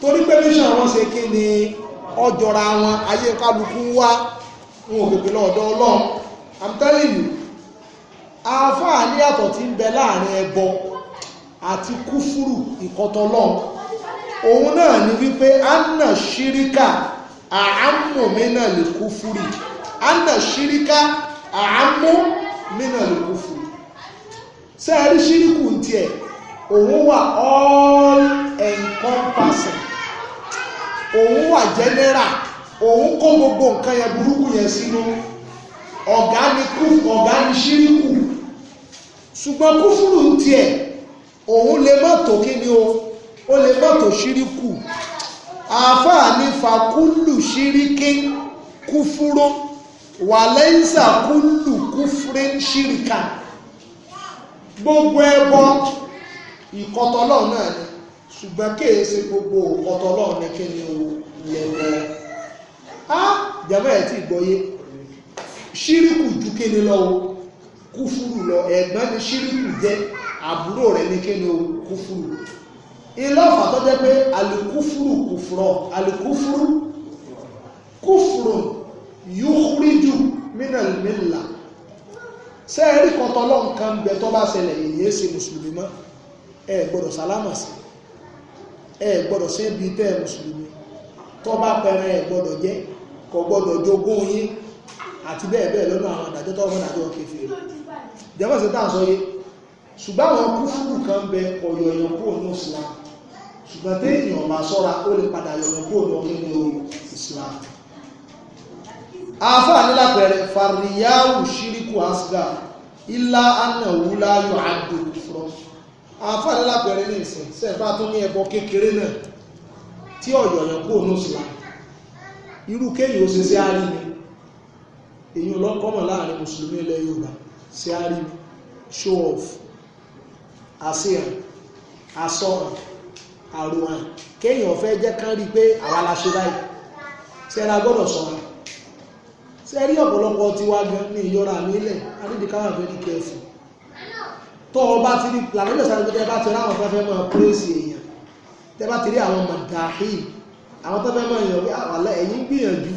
torí pé mission wọn ṣe kí ni ọjọ́ra wọn ayé kálukú wá wọn ò pèpè lọ́dọ̀ ọlọ́run i'm telling you àáfàá ní àtọ̀ tí ń bẹ láàrin ẹbọ àti kúfúrù ìkọtọlọ́n òun náà ni wípé anna shirika àámú mínà lè kúfúrì anna shirika àámú mínà lè kúfúrì ṣé ẹ rí ṣíríkù tiẹ̀ òun wà all encompassing òun wà general òun kó gbogbo nǹkan yẹn burúkú yẹn sínú ọ̀gá ni kú ọ̀gá ni ṣíríkù ṣùgbọ́n kúfúrú tiẹ̀ òun lè mọ́tò kí ni o ó lè mọ́tò ṣíríkù àáfàá ni fakúlù ṣíríkì kúfúrú wàlẹ́ńsà kúlù kúfúrú ṣíríkà gbogbo ẹbọ ìkọtọlọ náà ni ṣùgbọ́n kéèsì gbogbo ìkọtọlọ ní kí ni o lẹbọ á jàmbá ẹ ti gbọ́yé ṣíríkù ju kí ni lọ o kúfúrú lọ ẹ̀gbọ́n ni ṣíríkù jẹ àbúrò rẹ̀ ní kí ni o kúfúrú ilé ọ̀fà tó jẹ́ pé alìkúfúrú kúfúrọ alìkúfúrú kúfúrú yúkúríjù mínàlmínlà ṣé ẹ rí kan tọ́lọ́ nǹkan bẹ tó bá ṣẹlẹ̀ èyí ṣe mùsùlùmí mọ́ ẹ gbọ́dọ̀ sálámà sí ẹ gbọ́dọ̀ ṣe bí tẹ́ mùsùlùmí tó bá pẹran ẹ gbọ́dọ̀ jẹ kò gbọ́dọ̀ jogún yín àti bẹ́ẹ̀ bẹ́ẹ̀ lọ́nà àwọn àdájọ́ tó wọ́n àdájọ́ kéfì rẹ̀ jẹ́mọ̀ sí tàà sọ yé ṣùgbọ́n àwọn kúfùrù kan bẹ ọ̀yọ̀ èèyàn kúrò ní Islam ṣùgbọ́n téèyàn bá ṣọ́ra ó lè padà yọ̀yàn kúrò ní ọ̀yọ̀ afa nílá pẹ̀rẹ̀ fàríyáwù ṣíríkù asgar ilá anna wúlá yọ àdó fúrọ́ afa nílá pẹ̀rẹ̀ ní ìsìn sẹ́fà tó ní ẹbọ kékeré náà tí ọ̀yọ̀ yẹn kó nù sílá irú kéyìn ó ṣe sí àárín mi èyí ọlọ́kọ́mọ̀ láàrin mùsùlùmí ilẹ̀ Yorùbá sí àárín mi show off àṣehàn àsọ̀rọ̀ àròhàn kéyìn ọ̀fẹ́ jẹ́ kán rí pé àwa la ṣe báyìí sẹ́ra gbọ́dọ̀ sọ̀rọ̀ sẹ́rí ọ̀pọ̀lọpọ̀ ti wá gan ní ìyọra mi lẹ̀ àdídì káwà very careful tọ́ ọba ti rí làmúlẹ̀ sáré pé bá ti rí àwọn fẹ́fẹ́ mọ́ praise èèyàn tẹ́ bá ti rí àwọn mọ̀dáhì àwọn tó fẹ́ mọ́ èèyàn pé àwàlẹ́ ah, ẹ̀yìn gbìyànjú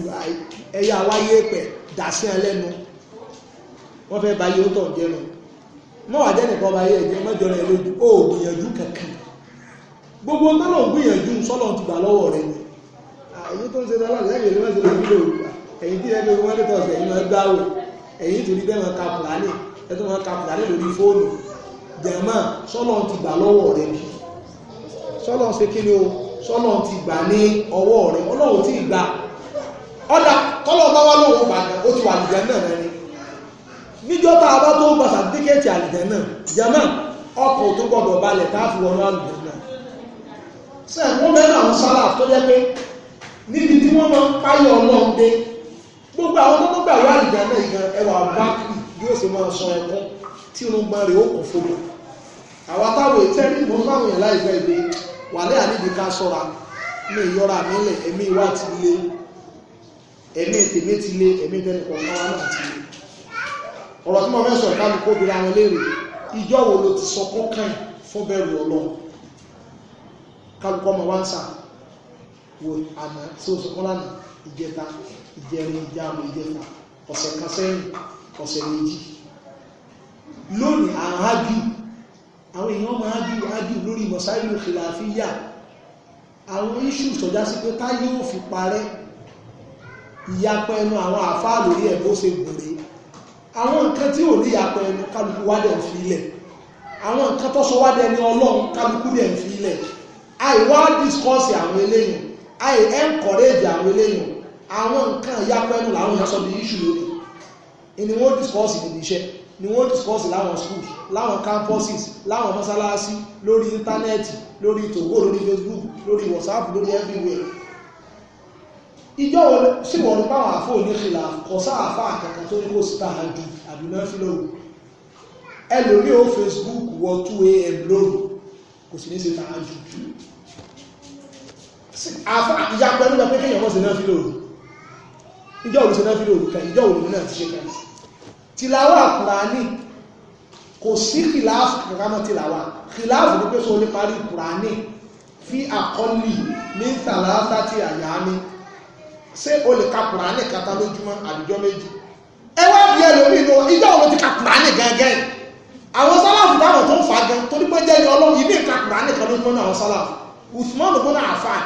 ẹ̀yà wáyé pẹ̀ dàsí ẹlẹ́nu wọ́n fẹ́ bá yóò tàn jẹ́nu mọ́ wà jẹ́ nìkan ọba yẹ ẹ̀jẹ̀ mọ́jọ rẹ̀ lójú ó gbìyànjú kankan gbogbo tọ́lọ̀ gbìyànjú sọ́lọ̀ ti gbà lọ́wọ́ ah, rẹ̀ ni ẹ̀yin tí ẹni wọn lè tọ̀ ọ̀sẹ̀ yìí máa gbáwò ẹ̀yin torí bẹ́ẹ̀ máa ka pùlánì ẹ tó máa ka pùlánì lórí fóònù jẹ̀mọ́ sọ́lọ́ ti gbà lọ́wọ́ rẹ bí sọ́lọ́ ṣe kí ni o sọ́lọ́ ti gbà ní ọwọ́ rẹ ọlọ́run ti gbà ọ̀dà tọ́lọ́ bá wá lọ́wọ́ gbàgbà ó ti wà àlìjẹ́ náà rẹ níjọ́ tá a bá tó gba sàtífíkẹ́ẹ̀tì àlìjẹ́ náà jẹ̀mọ́ ọkọ̀ tó gbọdọ̀ balẹ̀ tá a fi wọnú àlìjẹ́ náà sẹ́ẹ̀ wọ́n mẹ́rin àwọn sálà tó jẹ́ pé níbi tí wọ́n máa ń páyọ̀ ọlọ́run dé gbogbo àwọn tó gbà wá àlùjá náà ìgan ẹwà bákìrì yóò fi máa sọ ẹkún tí inú gbọ́n rẹ̀ ó kò fòlò àwọn táwọn ìtẹ́rí ìmọ̀ fáwọn èèyàn láìpẹ́ ìgbé wà lẹ́ àníbi ká sọ́ra ní ìyọra mílẹ̀ ẹ̀mí ìwà ti lé ẹ̀mí ìtẹ̀mí ti lé ẹ̀mí ìtẹ́rí kọ̀ọ̀kan wà náà ti lé ọ̀rọ̀ tí mo fẹ́ sọ ìkálu kó bi àwọn léèrè ìjọ wo ló ti sọkún kàn fún bẹ̀rù ọlọ́run kálukọ́ mọ̀ wá ń sà wò àná tí ó sọkún lánàá ìjẹta ìjẹrin ìjánu ìjẹta ọ̀sẹ̀ kan sẹ́yìn méjì lónìí à àwọn èèyàn máa hájú hájú lórí mọ̀sáìlú khilafiyya àwọn iṣu tọ́já sí pé tá yóò fi parẹ́ ìyapẹ́ ẹnu àwọn àfáà lórí ẹ̀ bó ṣe gbòrè àwọn nǹkan tí ò ní ìyapẹ́ ẹnu kálukú wádẹ̀ ń fi ilẹ̀ àwọn nǹkan tó sọ wádẹ̀ ní ọlọ́run kálukú dẹ̀ ń fi ilẹ̀ àìwá discourse àwọn eléyìn àì encourage àwọn eléyìn àwọn nǹkan ìyapẹ́nu làwọn èèyàn sọ di issue lónìí ni wọ́n discuss níbi iṣẹ́ ni wọ́n discuss láwọn schools láwọn campuses láwọn mọ́sálásí lórí íńtánẹ́ẹ̀tì lórí tògó lórí facebook lórí whatsapp lórí everywhere ìjọ wo sì wọ́n ní báwọn àfọ oníṣìlá kọ sáàfà kankan tó ní kò sí tààdù àbí mẹ́fì lóru ẹlòmí ó facebook wọ 2am lóru kò sí ní ṣe tààdù àfà ìyapẹ́nu lọ pé kéèyàn mọ́ sí mẹ́fì ìjọ òun ṣe náà fi lòrùka ìjọ òun náà ti ṣe kan tìlàwà kùránì kò sí kìláàfù kankan mọ́ tìlàwà kìláàfù ní pé so ní parí kùránì fi àkọlì ní tàlàtà ti àyà ni ṣé o lè ka kùránì kata lójúmọ́ àdìjọ́ méjì ẹ wá bí ẹ lómi lọ ìjọ òun ti ka kùránì gángan àwọn sálàfù táwọn tó ń fa gan torí pé jẹ́ ní ọlọ́run ilé ìka kùránì kan lójúmọ́ náà àwọn sálàfù Usman bọ́nà àfáà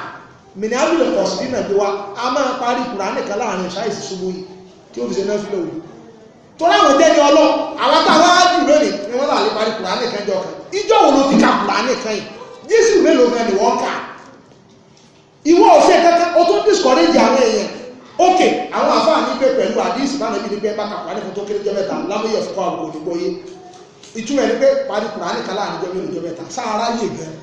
mìíràn àbílẹ̀ kọ̀ọ̀sì ní nàìjíríà a máa parí kùránì kan láàrin ìṣáìsì ṣubú yìí tí ó fi ṣe náà fílẹ̀ òwú tó láwọn jẹ́ ní ọlọ́ àwọn táwọn á jù lónìí ni wọ́n làlẹ́ parí kùránì kan jọ kan ìjọ wo ló ti ka kùránì kan yìí jésù mélòó kan ni wọ́n kà ìwọ òṣè kankan o tó discourage àwọn èèyàn ok àwọn àfáà ní pé pẹ̀lú àdísì bá nàbí ní pé bá ka kùránì kan tó kéré jọ mẹ́ta lámúyẹ̀ fún ọ ìtumọ̀ ẹni pé parí kùránì kan láàrin jọ mẹ́ta sáárá yè gan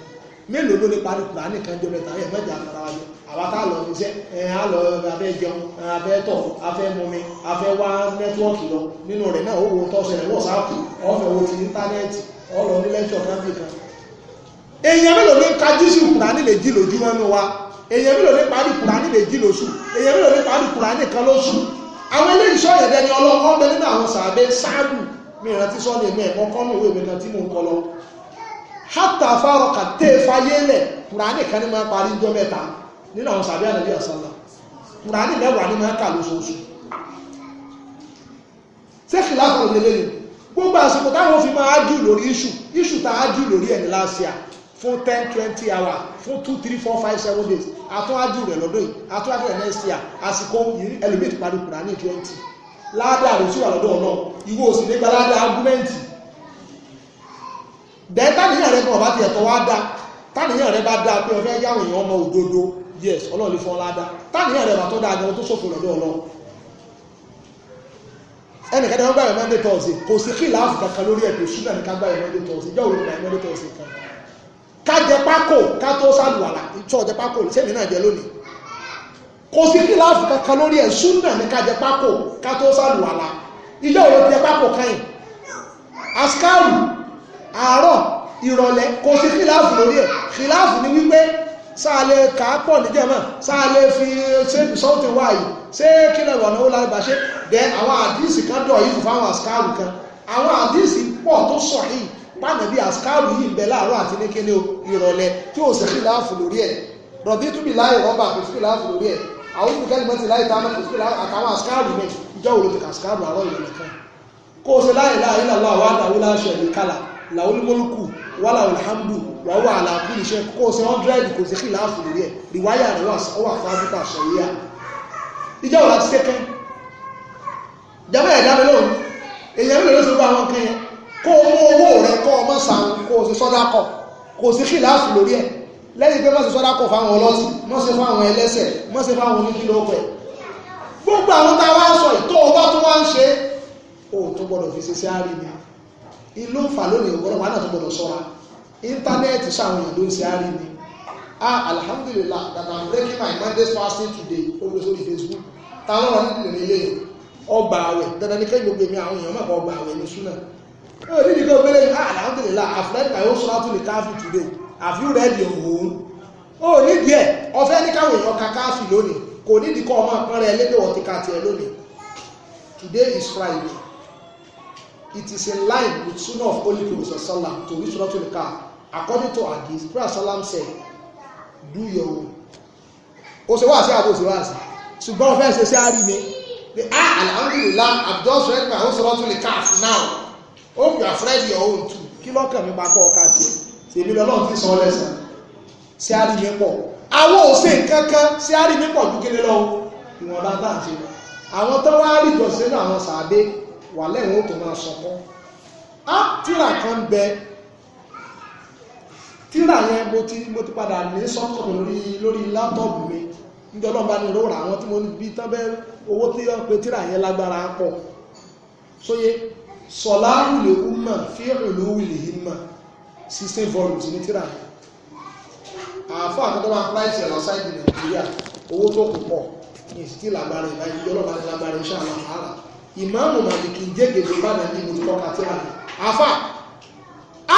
mélòó ló lè parí kùránì kan jọ mẹ́ta ẹ̀ mẹ́jọ àfarawa jẹ àwátá lọ níṣẹ́ ẹ̀ á lọ abẹ́ jẹun abẹ́ tọ̀ afẹ́ mumi afẹ́ wá nẹ́tíwọ́ọ̀kì lọ nínú rẹ̀ náà ó wo tọ́sẹ̀rẹ̀ wọ́sáàpù ọ̀fẹ́ wo ti íńtánẹ́ẹ̀tì ọ̀rọ̀ ní lẹ́ṣọ̀ káńtì kan. èèyàn mélòó ní ka jísù kùránì lè jí lójúmọ́ nù wa èèyàn mélòó ní parí kùránì lè jí lóṣù èèyàn mélòó ní parí kùránì kan lóṣù àwọn eléyìí sọ̀yẹ̀ dẹni ọlọ́kọ́ bẹ nínú àwọn sàbẹ̀ sáàdù mi ìrántí sọ́ọ̀lì mi ẹ̀kọ́ kọ́nù ìwé mi kan tí mò ń kọ lọ hátà fárọkà tẹ́ fayé lẹ̀ kùránì kan ní máa parí jọ mẹ́ta nínú àwọn sàbí ànàbí àsánlá kùránì mẹ́wàá ní máa kà lóṣooṣù ṣé kìláàfù òde lẹ́yìn gbogbo àsìkò táwọn fi máa ájú lórí iṣu iṣu tá ájú lórí ẹ̀ ní láṣìá fún ten twenty hours fún two three four five seven days àtún ájú rẹ̀ lọ́dún yìí àtún ájú rẹ̀ next year àsìkò ẹlòmíì ti parí kùránì twenty ládàá rẹ̀ sí wà lọ́dọ̀ ọ̀nà ìwọ òsì nígbà ládàá argument then táníyàn rẹ bọ̀ bá ti ẹ̀tọ́ wá dá táníyàn rẹ bá dá pé o fẹ́ yáwọn èèyàn ọmọ òdodo yes ọlọ́run lè fún ọ ládá táníyàn rẹ bá tọ́ dáa gan tó ṣòfò lọ́dọ̀ ọlọ́run ẹnìkan náà gbàgbé monday thursday kò sí kí láàfù kankan lórí ẹ̀ kò súnà ní ká gbàgbé monday thursday jẹ́ òun gbàgbé monday thursday kan ká jẹ pákò ká tó sàlùwàlà ìtọ́ jẹ pákò sẹ́mi náà jẹ lónìí kò sí kí láàfù kankan lórí ẹ̀ e, súnà ní ká jẹ pákò ká tó sàlùwàlà ìjọ òun jẹ pákò káyìn àsìkáàrù àárọ̀ ìrọ̀lẹ́ kò sí kìláàfù lórí ẹ̀ kìláàfù ni wípé sáàlẹ̀ kàápọ̀ níjẹ̀mọ̀ sáàlẹ̀ fi ṣéèkì sọ́ọ̀tì wáyé ṣé kílẹ̀ wọ̀nà ó lágbà ṣe dẹ àwọn àdìsí kan dọ̀ yìí fáwọn àsìkáàrù kan àwọn àdìsí pọ̀ tó sọ̀ yìí pàdébí àsìkáàrù yìí ń bẹ láàárọ̀ àti ní kílẹ̀ ìrọ̀lẹ́ tí ò sí kìláàfù lórí ẹ̀ rọ̀bí túbí láì rọ́bà kò sí kìláàfù lórí ẹ̀ àwọn olùkẹ́lẹ̀ mẹ́tì láì tá àtàwọn àsìkáàrù mẹ́ ìjọ òròdì àsìkáàrù àrọ̀ ìrọ̀lẹ́ kan kó o ṣe láì láì lọ́wọ́ àwọn àdáwó láṣẹ ìkálà làólúmọ́lùkù wàlà alhamdu wàwà àlàkù iṣẹ́ kó o ṣe hundred kò sí kìláàfù lórí ẹ̀ ìwáyà rẹ̀ wà fábítà sọ̀yíyà ìjọ wà láti tẹ́kẹ́ jàmọ́ ẹ̀dá mi lóhùn èèyàn mi lè lóṣù bá àwọn kan yẹn kó o mú owó rẹ kó o mọ̀ sàn kó o ṣe sọ́dá kọ̀ kò sí kìláàfù lórí ẹ̀ lẹ́yìn pé mọ́sí sọ́dá kọ̀ fáwọn ọlọ́sìn mọ́sí fáwọn ẹlẹ́sẹ̀ mọ́sí fáwọn oníkìlọ́pẹ̀ gbogbo àwọn táwa sọ ìtọ́ ọba tó wá ń ṣe òun tó gbọ́dọ̀ fi ṣe sí àárín ni ìlú ń fà lónìí ọ̀gbọ́dọ̀ wà náà tó sọ́ra íńtánẹ́ẹ̀tì sáwọn èèyàn ló ń ṣe àárín ni ah alhamdulillah that i'm breaking my Monday's fasting today ó lọ sórí Facebook táwọn ọ̀rọ̀ nídìí ní ilé ọgbà àwẹ̀ dandan ní kẹ́yìn gbogbo èmi àwọn èèyàn mọ̀kọ́ ọgbà àwẹ̀ ní súnà ó ní nìkan gbélé ah alhamdulillah i've read my own surah to the kafi today have you read your own ó nídìí ẹ̀ ọ̀fẹ́ ní káwọn èèyàn ka kafi lónìí kò nídìí kọ́ ọmọ àpẹẹrẹ ẹlẹ́gbẹ̀wọ̀ ti ka tiẹ̀ lónìí today is Friday it is in line with sunnah of Holy Prophet Sallam to reach Surah to the car. According to Hadith, Prophet Sallam said, do your own. O ṣe wá sí àbò òṣèlú àṣà. Ṣùgbọ́n fẹ́ ṣe sí àárín mi. The ah alhamdulillah I've just read my whole Surah to the car now. Hope you have read your own too. Kí lọ́kàn mi máa kọ́ ọ̀ka tiẹ̀? Tèmi lọ́lọ́run ti sọ lẹ́sàn. Sí àárín mi pọ̀. Àwọn òṣè kankan sí àárín mi pọ̀ dúkìlélọ́wọ́. Ìwọ̀nba bá àṣẹ. Àwọn tó wá rí ìjọsìn náà àwọn sàádé wà lẹ́wọ̀n ó tó máa sọkọ́ á tíra kan bẹ tíra yẹn mo ti mo ti padà ní sọ́tọ̀ lórí lórí láptọ̀pù mi níjọ́ lọ́nà bá ní rọra àwọn tí mo ní bí tán bẹ́ owó tí wọ́n pe tíra yẹn lágbára pọ̀ sóyé sọ̀lá ìlú umma fi ìlú ìlú himma 16 volumes ní tíra yẹn àfọ́ àkọ́tọ́ máa price ẹ̀ lọ́sáìdì nàìjíríà owó tó kù pọ̀ ní ìsìtì lágbára ìbáyé ìjọ́lọ́ba lágbára iṣẹ́ àwọn àárà ìmáàmù màlìkì jẹ́gẹ̀dẹ̀ bá nàbí mo ti kọ́ kátírà yẹn àfà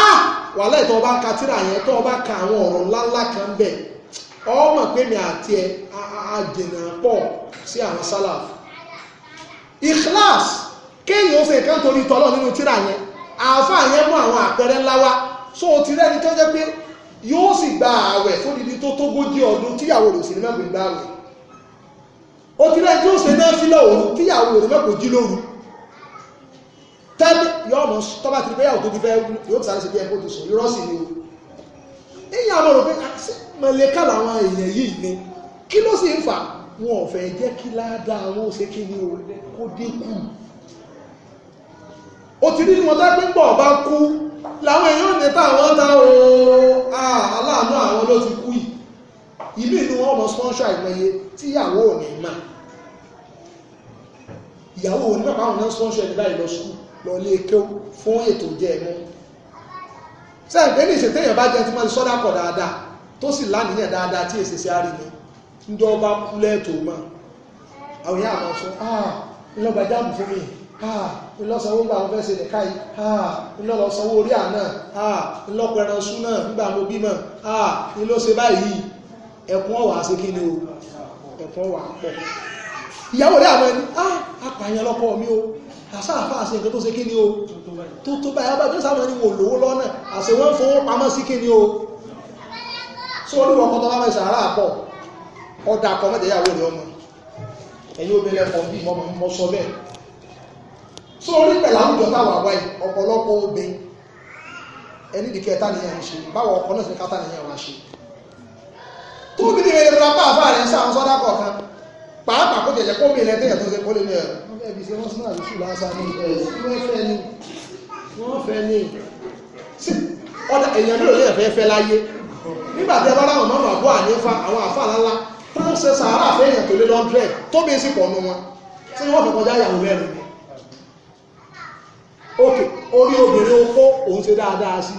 á wàhálà ìtọ́ ọba kátírà yẹn tọ́ ọba ka àwọn ọ̀rọ̀ ńláńlá kan bẹ̀ ọmọ pé mi àti ẹ àjẹnà pọ̀ sí àwọn sálàf ìkíláàsì kéèyàn ó ṣe nǹkan torí tọ́lọ́ nínú tírà yẹn àfà yẹn mú àwọn àpẹẹrẹ ńlá wá so ti rẹ́ni tó jẹ́ pé yóò sì gba ààwẹ̀ fún ibi tó tógójì ọdún tíyàwó rò sí ní mẹ́gbẹ̀ẹ́ ààwẹ̀ ó ti rẹ́ tí ó ṣe náà fílẹ̀ òru tíyàwó òru mẹ́kò jí lóru tẹ́lẹ̀ yọ ọmọ tọ́ba ti rí pẹ́yàwó tó ti fẹ́ yóò sáré sí bí ẹgbẹ́ tó sùn irọ́ sì ni o ìyá ọmọ rò pé ah, mọ̀lẹ́kà làwọn èèyàn yìí ni kí ló sì ń fà wọn ò fẹ́ jẹ́ kí ládàá wọn ò ṣe kí ni o kó dínkù ó ti rí ni wọn tó pé pọ̀ bá kú làwọn èèyàn ò ní ta àwọn ta o ah, aláàánú àwọn ló ti kú yìí ìlú ìlú wọn mọ sponsor àìmọye tí ìyàwó ò ní mà ìyàwó ò ní mà báwọn náà sponsor ẹni báyìí lọ sùkúl lọ lé kéw fún ètò jẹ ẹmu sẹ́yìn pé ní ìṣètẹ́yìn bá jẹ́ tí wọ́n ti sọ́dá pọ̀ dáadáa tó sì lánìyàn dáadáa tí èsì sí àárín ni ń jọ bá kú lẹ́ẹ̀tọ́ mọ́ àwọn ìyá àmọ́ sọ ah ńlọgba jáàmù fún mi ah ńlọsọwọ́ gbà wọ́n fẹ́ ṣe nìka yìí ah ńlọlọsọwọ́ ẹkún ọ̀wà sí kí ni o ẹkún ọ̀wà pọ̀ ìyàwó rẹ̀ àwọn ẹni ah apààyàn lọ́kọ mi o àṣàfà àṣẹ nǹkan tó ṣe kí ni o tó tó báyà bá jẹ́ sáwọn ẹni wò lówó lọ́nà àṣẹ wọ́n fowó pamọ́ sí kí ni o sọ olúwọ̀ ọkọ̀ tó bá mẹ́sàn ara àpọ̀ ọ̀dà kan mẹ́tẹ̀yàwó rẹ̀ ọmọ ẹ̀yìn obìnrin ẹ̀kọ́ bí mọ́ sọ bẹ́ẹ̀ so orí pẹ̀lú àwùjọ táwọn àwa yìí ọ̀pọ̀lọpọ̀ obìnrin ẹni dìkẹ́ tá nìyẹn ń ṣe báwọn ọkọ̀ náà sì ká tá nìyẹn wá ṣe tó mi ní rere rapa àfa rẹ̀ ń sàn sọ́dá kọ̀ọ̀kan pàápàá kó tẹ̀jẹ̀ kó mi rẹ̀ tẹ̀yẹ̀ tó ṣe kó lè ní ẹ̀ wọ́n fẹ́ bí ṣe wọ́n sún àdúgbò lásán ní ẹ̀ wọ́n fẹ́ ni wọ́n fẹ́ ni ọ̀dà èèyàn mélòó lè fẹ́ fẹ́ láyé nígbà tí ẹ bá láwọn mọ́mọ́ àbọ̀ ànífà àwọn àfa ńláńlá tó ń ṣe sàárà àfẹ́yàn tó lé lọ́ndrẹ̀ tó bí sí pọ̀nù wọn tí wọ́n fi kọjá ìyàwó mẹ́rin ni ókè orí obìnrin ó kó òun ṣe dáadáa sí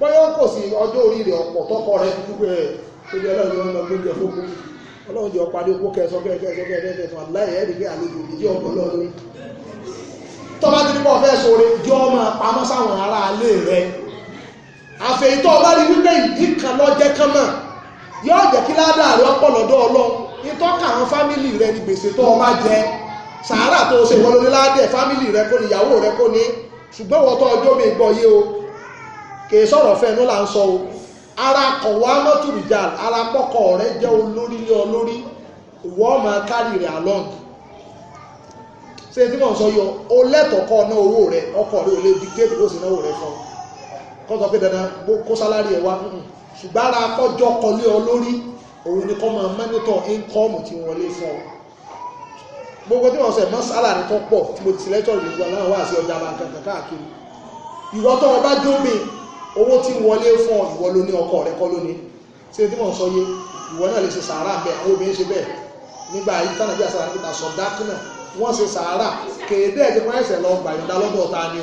bọ́yọ́ kò sí ọjọ́ orí rẹ̀ ọ̀pọ̀ tọ́kọ rẹ̀ dúdú rẹ̀ tó jẹ́ ló ń lọ gbójú ọ̀fọ́ kó jọ parí owó kẹsọ kẹsọ kẹsọ aláì ẹ̀rí pé àlejò ìdí ọ̀gbọ̀n lọ́run tọ́ba ti pọ̀ fẹ́ sóore jọ máa pamọ́ sáwọn ará alé rẹ àfẹ̀yìntọ́ ọba rí wípé ìdí kan kan mọ̀ yóò jẹ́ kí ládàá rẹ ọ̀pọ̀ lọ́dọ̀ ìtọ́ka àwọn fámìlì rẹ ni gbèsè tó ọba jẹ sàárà tó ṣe ìwọ́n lórí ládẹ̀ fámìlì rẹ kò ní ìyàwó rẹ kò ní ṣùgbọ́n wọ́n tó ọjọ́ mi gbọ́ yé o kì í sọ̀rọ̀ fẹ́nu là ń sọ o ara kọ̀wá mọ́tòrìjà ara pọ́kọ rẹ̀ jẹ́ olórí ilé olórí ìwọ máa kárì rẹ̀ along ṣé tí mò sọ yọ o lẹ́tọ̀ọ́ kọ́ ná owó rẹ̀ ọkọ rẹ̀ ò lè dictate bó ṣe náwó rẹ̀ fún kó sọ pé dandan kó sálárì ẹ̀ wá ṣùgbọ́n ara kọjọ́ kọlé olórí òun ni kọ́ máa mẹ́nítọ̀ ínkọ́ọ̀mù tí wọ́n lé fún ọ gbogbo tí wọ́n sọ ẹ̀mọ́ sálà ní tọ́pọ̀ tí mo ti lẹ́tọ̀ọ́ ìlú aláwọ̀ àti ọjà owó tí wọlé fún ọ ìwọ ló ní ọkọ rẹ kọ́ lónìí ṣé tí mò ń sọ yé ìwọ náà lè ṣe sàárà bẹ́ẹ̀ àwọn obìnrin ṣe bẹ́ẹ̀ nígbà ayé tánà bí àṣà àti àṣọ dákínà wọ́n ṣe sàárà kéde ẹ̀ tí wọ́n ẹ̀sẹ̀ lọ gbà yọ̀ǹda lọ́dọ̀ ta ni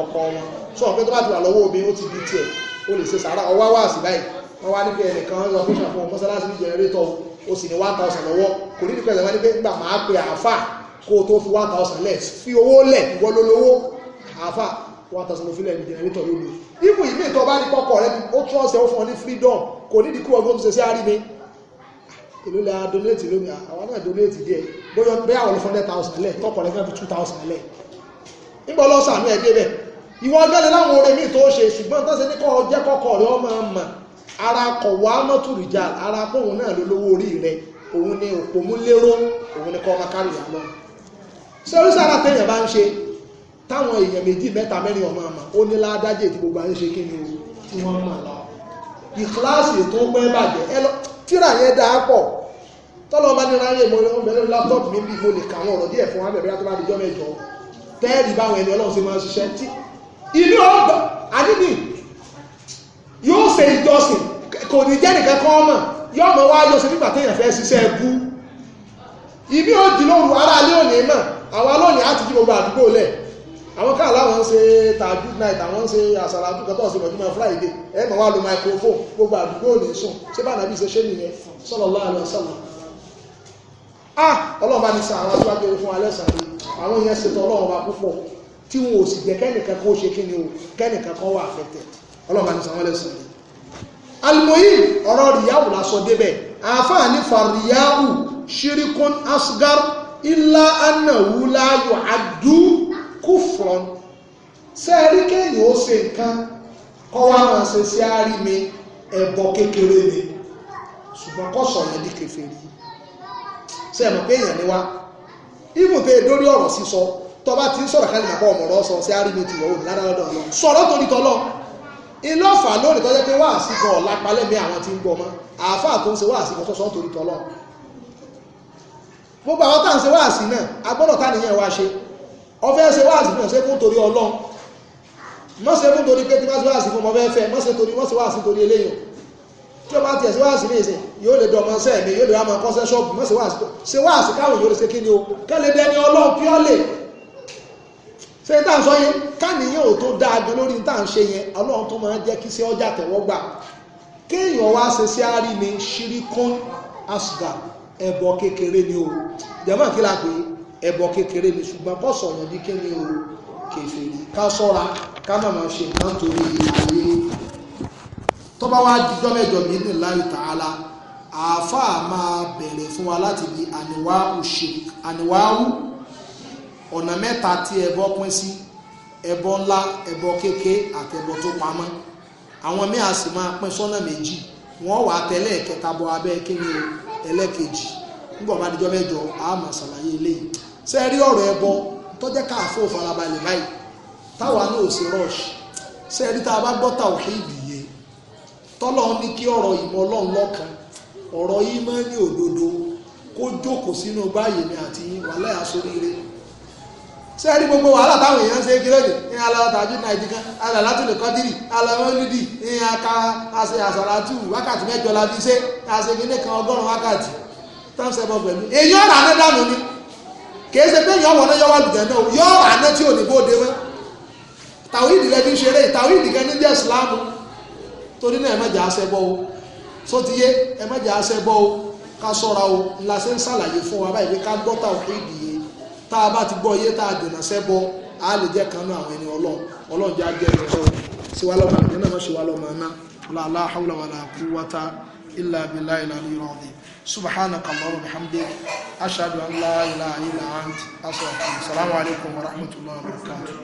ọkọ wọn sọ pé tó bá ti wà lọ́wọ́ obìnrin ó ti di tiẹ̀ ó lè ṣe sàárà ọwá wà sí báyìí wọ́n wá níbi ẹnìkan ń lọ fún ṣàfihàn mọ́sálásí ní jẹnẹrétọ̀ ó sì ní one thousand lọ́wọ́ kò ní nípa ẹ̀sẹ̀ wá ní pé nígbà máa pe àáfà kó o tó fi one thousand lẹ̀ fi owó lẹ̀ ìwọ lólówó àáfà one thousand lọ́fílẹ̀ ní jẹnẹrétọ̀ yóò lò ibu ìmí ìtọ́ bá ní kọ́kọ́ rẹ ó tún ọ̀sẹ̀ ó fún ọ ní freedom kò ní ìdíkú ọgbọ́n ṣe sí àrími ah, èló la donate lómi ah, àwọn náà donate díẹ̀ bóyá bẹ́ẹ̀ àwọn olùfọ́n ten thousand lẹ̀ tọkọ̀ rẹ fẹ́ẹ́ fi two thousand lẹ̀ nígbà lọ́sàn àánú ẹ̀ dé bẹ́ẹ̀ ìwọ gbẹ́lẹ̀ láwọn orin míì tó ṣe ṣùgbọ́n tó ṣe ní kọ́ jẹ́ kọ́kọ́ rẹ ọmọ ọmọ ara kọ̀ wá mọ́tò rìjà ara táwọn èèyàn méjì mẹ́ta mẹ́rin ọmọ àmà ó ní ládájẹ́ tí gbogbo ayé ṣe kí ni o tí wọ́n mọ̀ lọ ìkíláàsì tó ń pẹ́ bàjẹ́ ẹ lọ tíra yẹn dáa pọ̀ tọ́lọ́ bá ní ráyè mo ń bẹ̀rẹ̀ láptọ́ọ̀pù mi bí mo lè kà àwọn ọ̀rọ̀ díẹ̀ fún wa bẹ̀rẹ̀ tó bá di jọ́ mẹ́jọ tẹ́ẹ̀rì báwọn ẹni ọlọ́run ṣe máa ṣiṣẹ́ tí inú ọgbà àdínì yóò ṣe ìjọsìn kò ní jẹ́ nìkan kan mọ̀ yóò mọ̀ wá yóò ṣe nígbà téèyàn fẹ́ ṣiṣẹ́ ẹkú ibi ó di lóru ara alẹ́ òní mọ̀ àwọn alóòní á ti di gbogbo àdúgbò lẹ̀ àwọn káà láwọn ń ṣe tàbí night àwọn ń ṣe àṣàrà àtúkọtọ̀ ọ̀sẹ̀ mọ̀júmọ̀ friday ẹ mọ̀ wá lo microphone gbogbo àdúgbò ní sùn ṣé bá nàbí ṣe ṣé nìyẹn sallallahu alaihi wasallam ah ọlọ́run bá ní àwọn aṣíwájú fún alẹ́ sàlẹ̀ àwọn yẹn ṣètò ọlọ́run púpọ̀ tí wọn ò sì jẹ́ kẹ́nìkan kó kúfrọ̀n sẹ́ẹ̀rí kéèyàn ó ṣe nǹkan kọ́ wá máa ṣe sí àárí mi ẹ̀bọ kékeré ni ṣùgbọ́n kọ́ sọ̀yàn ní kèfèrí sẹ́ẹ̀mọ̀ pé èèyàn ni wá ibùn tẹ dórí ọ̀rọ̀ sísọ tọba ti ń sọ̀rọ̀ kálí nàpọ̀ ọ̀mọ̀rọ̀ sọ sí àárí mi ti wọ̀ òní ládàá lọ́dọ̀ ọ̀lọ́ sọ̀rọ̀ torí tọ́lọ́ ìlọ́fà lónìí tọ́jẹ́ pé wáàsí gan ọ̀la palẹ́mí àwọn tí ń gbọ́ ọmọ àáfàá tó ń ṣe wáàsí gan sọ́sọ́ torí tọ́lọ́ gbogbo àwọn tá à ń ṣe wáàsí náà agbọ́dọ̀ tá nìyẹn wá ṣe ọfẹ́ ṣe wáàsí fún ọ̀ṣẹ́ fún torí ọlọ́run mọ́ṣẹ́ fún torí pé tí wọ́n ṣe wáàsí fún ọmọfẹ́ fẹ́ mọ́ṣẹ́ torí wọ́n ṣe wáàsí torí eléyìí tí wọ́n bá tiẹ̀ ṣe wáàsí ní ìsìn yóò lè dọ̀mọ́ sẹ́ mi yóò lè rámọ kọ́ṣẹ́ ṣọ́ọ̀bù mọ́ṣẹ́ wáàsí tó ṣe wáàsí káwọn yóò lè ṣe kíni o kẹ́lẹ́ dẹni ọlọ́run píọ́lẹ̀ ṣe tá à ń sọ yẹn káníyàn ò tó dáa jọ lórí tá à ń ṣe yẹn ọlọ́run tó máa ń jẹ́ kí sí ọjà tẹ̀wọ́gbà kéèyàn wá ṣe sí àárí ni ṣírí kún asùgà ẹ̀bọ kékeré ni o jẹ́mọ̀ kí la pè é ẹbọ kékeré ni ṣùgbọ́n kọ́ sọ̀rọ̀ ní kíni o kèfèrí ká sọ́ra ká má máa ṣe nǹkan torí ayé tó bá wá jíjọ́ mẹ́jọ mi ní láì tààlà àáfàá máa bẹ̀rẹ̀ fún wa láti di àníwá òṣè àníwáwú ọ̀nà mẹ́ta tí ẹbọ pín sí ẹbọ ńlá ẹbọ kéke àtẹbọ tó pamọ́ àwọn míì a sì máa pín sọ́nà méjì wọ́n wà tẹ́lẹ̀ kẹta bọ abẹ́ kíni ẹlẹ́kejì nígbà bá dijọ́ mẹ́jọ a ṣàlàyé eléyìí ṣe rí ọ̀rọ̀ ẹbọ tọ́jẹ́ káàfó farabalẹ̀ báyìí táwa náà ò rush ṣe rí tá a bá gbọ́ tawhid yé tọ́lọ́ ní kí ọ̀rọ̀ ìmọ̀ ọlọ́run lọ́kan ọ̀rọ̀ yìí máa ń ní òdodo kó jókòó sínú báyìí ni àti wàhálà àsoríire ṣe rí gbogbo wàhálà táwọn èèyàn ṣe kí lóde ní alátàjú kan lè kọ́dírì ní aka àṣẹ wákàtí mẹ́jọ la fi ṣe àṣẹ ọgọ́rùn-ún wákàtí tán ṣẹbọ pẹ̀lú èyí ọ̀rọ̀ àdẹ́dànù ni kìí ṣe pé yọ̀ọ́ wọ̀nà yọ̀ọ́ wà lùdẹ̀ náà yọ̀ọ́ wà ná tí ò ní bóde mọ́ tàwíìdì lẹ́ni ń ṣeré tàwíìdì kan ní jẹ́ ìsìláàmù torí náà ẹ má jẹ́ aṣẹ́bọ́ o só ti yé ẹ má jẹ́ aṣẹ́bọ́ o ká sọ́ra o ńlá ṣe ń ṣàlàyé fún wa báyìí pé ká gbọ́ tàwíìdì yé tá a bá ti gbọ́ yé tá a dènà ṣẹ́bọ́ a lè jẹ́ kanú àwọn ẹni ọlọ́run ọlọ́run jẹ́ ajẹ́ ẹni ọlọ́run síwá lọ́mọ àdéhùn náà má ṣe wá lọ́mọ náà la hawla subhanaka Allahu bihamdik ashhadu an la ilaha illa ant astaghfiruka assalamu alaikum wa rahmatullahi wa barakatuh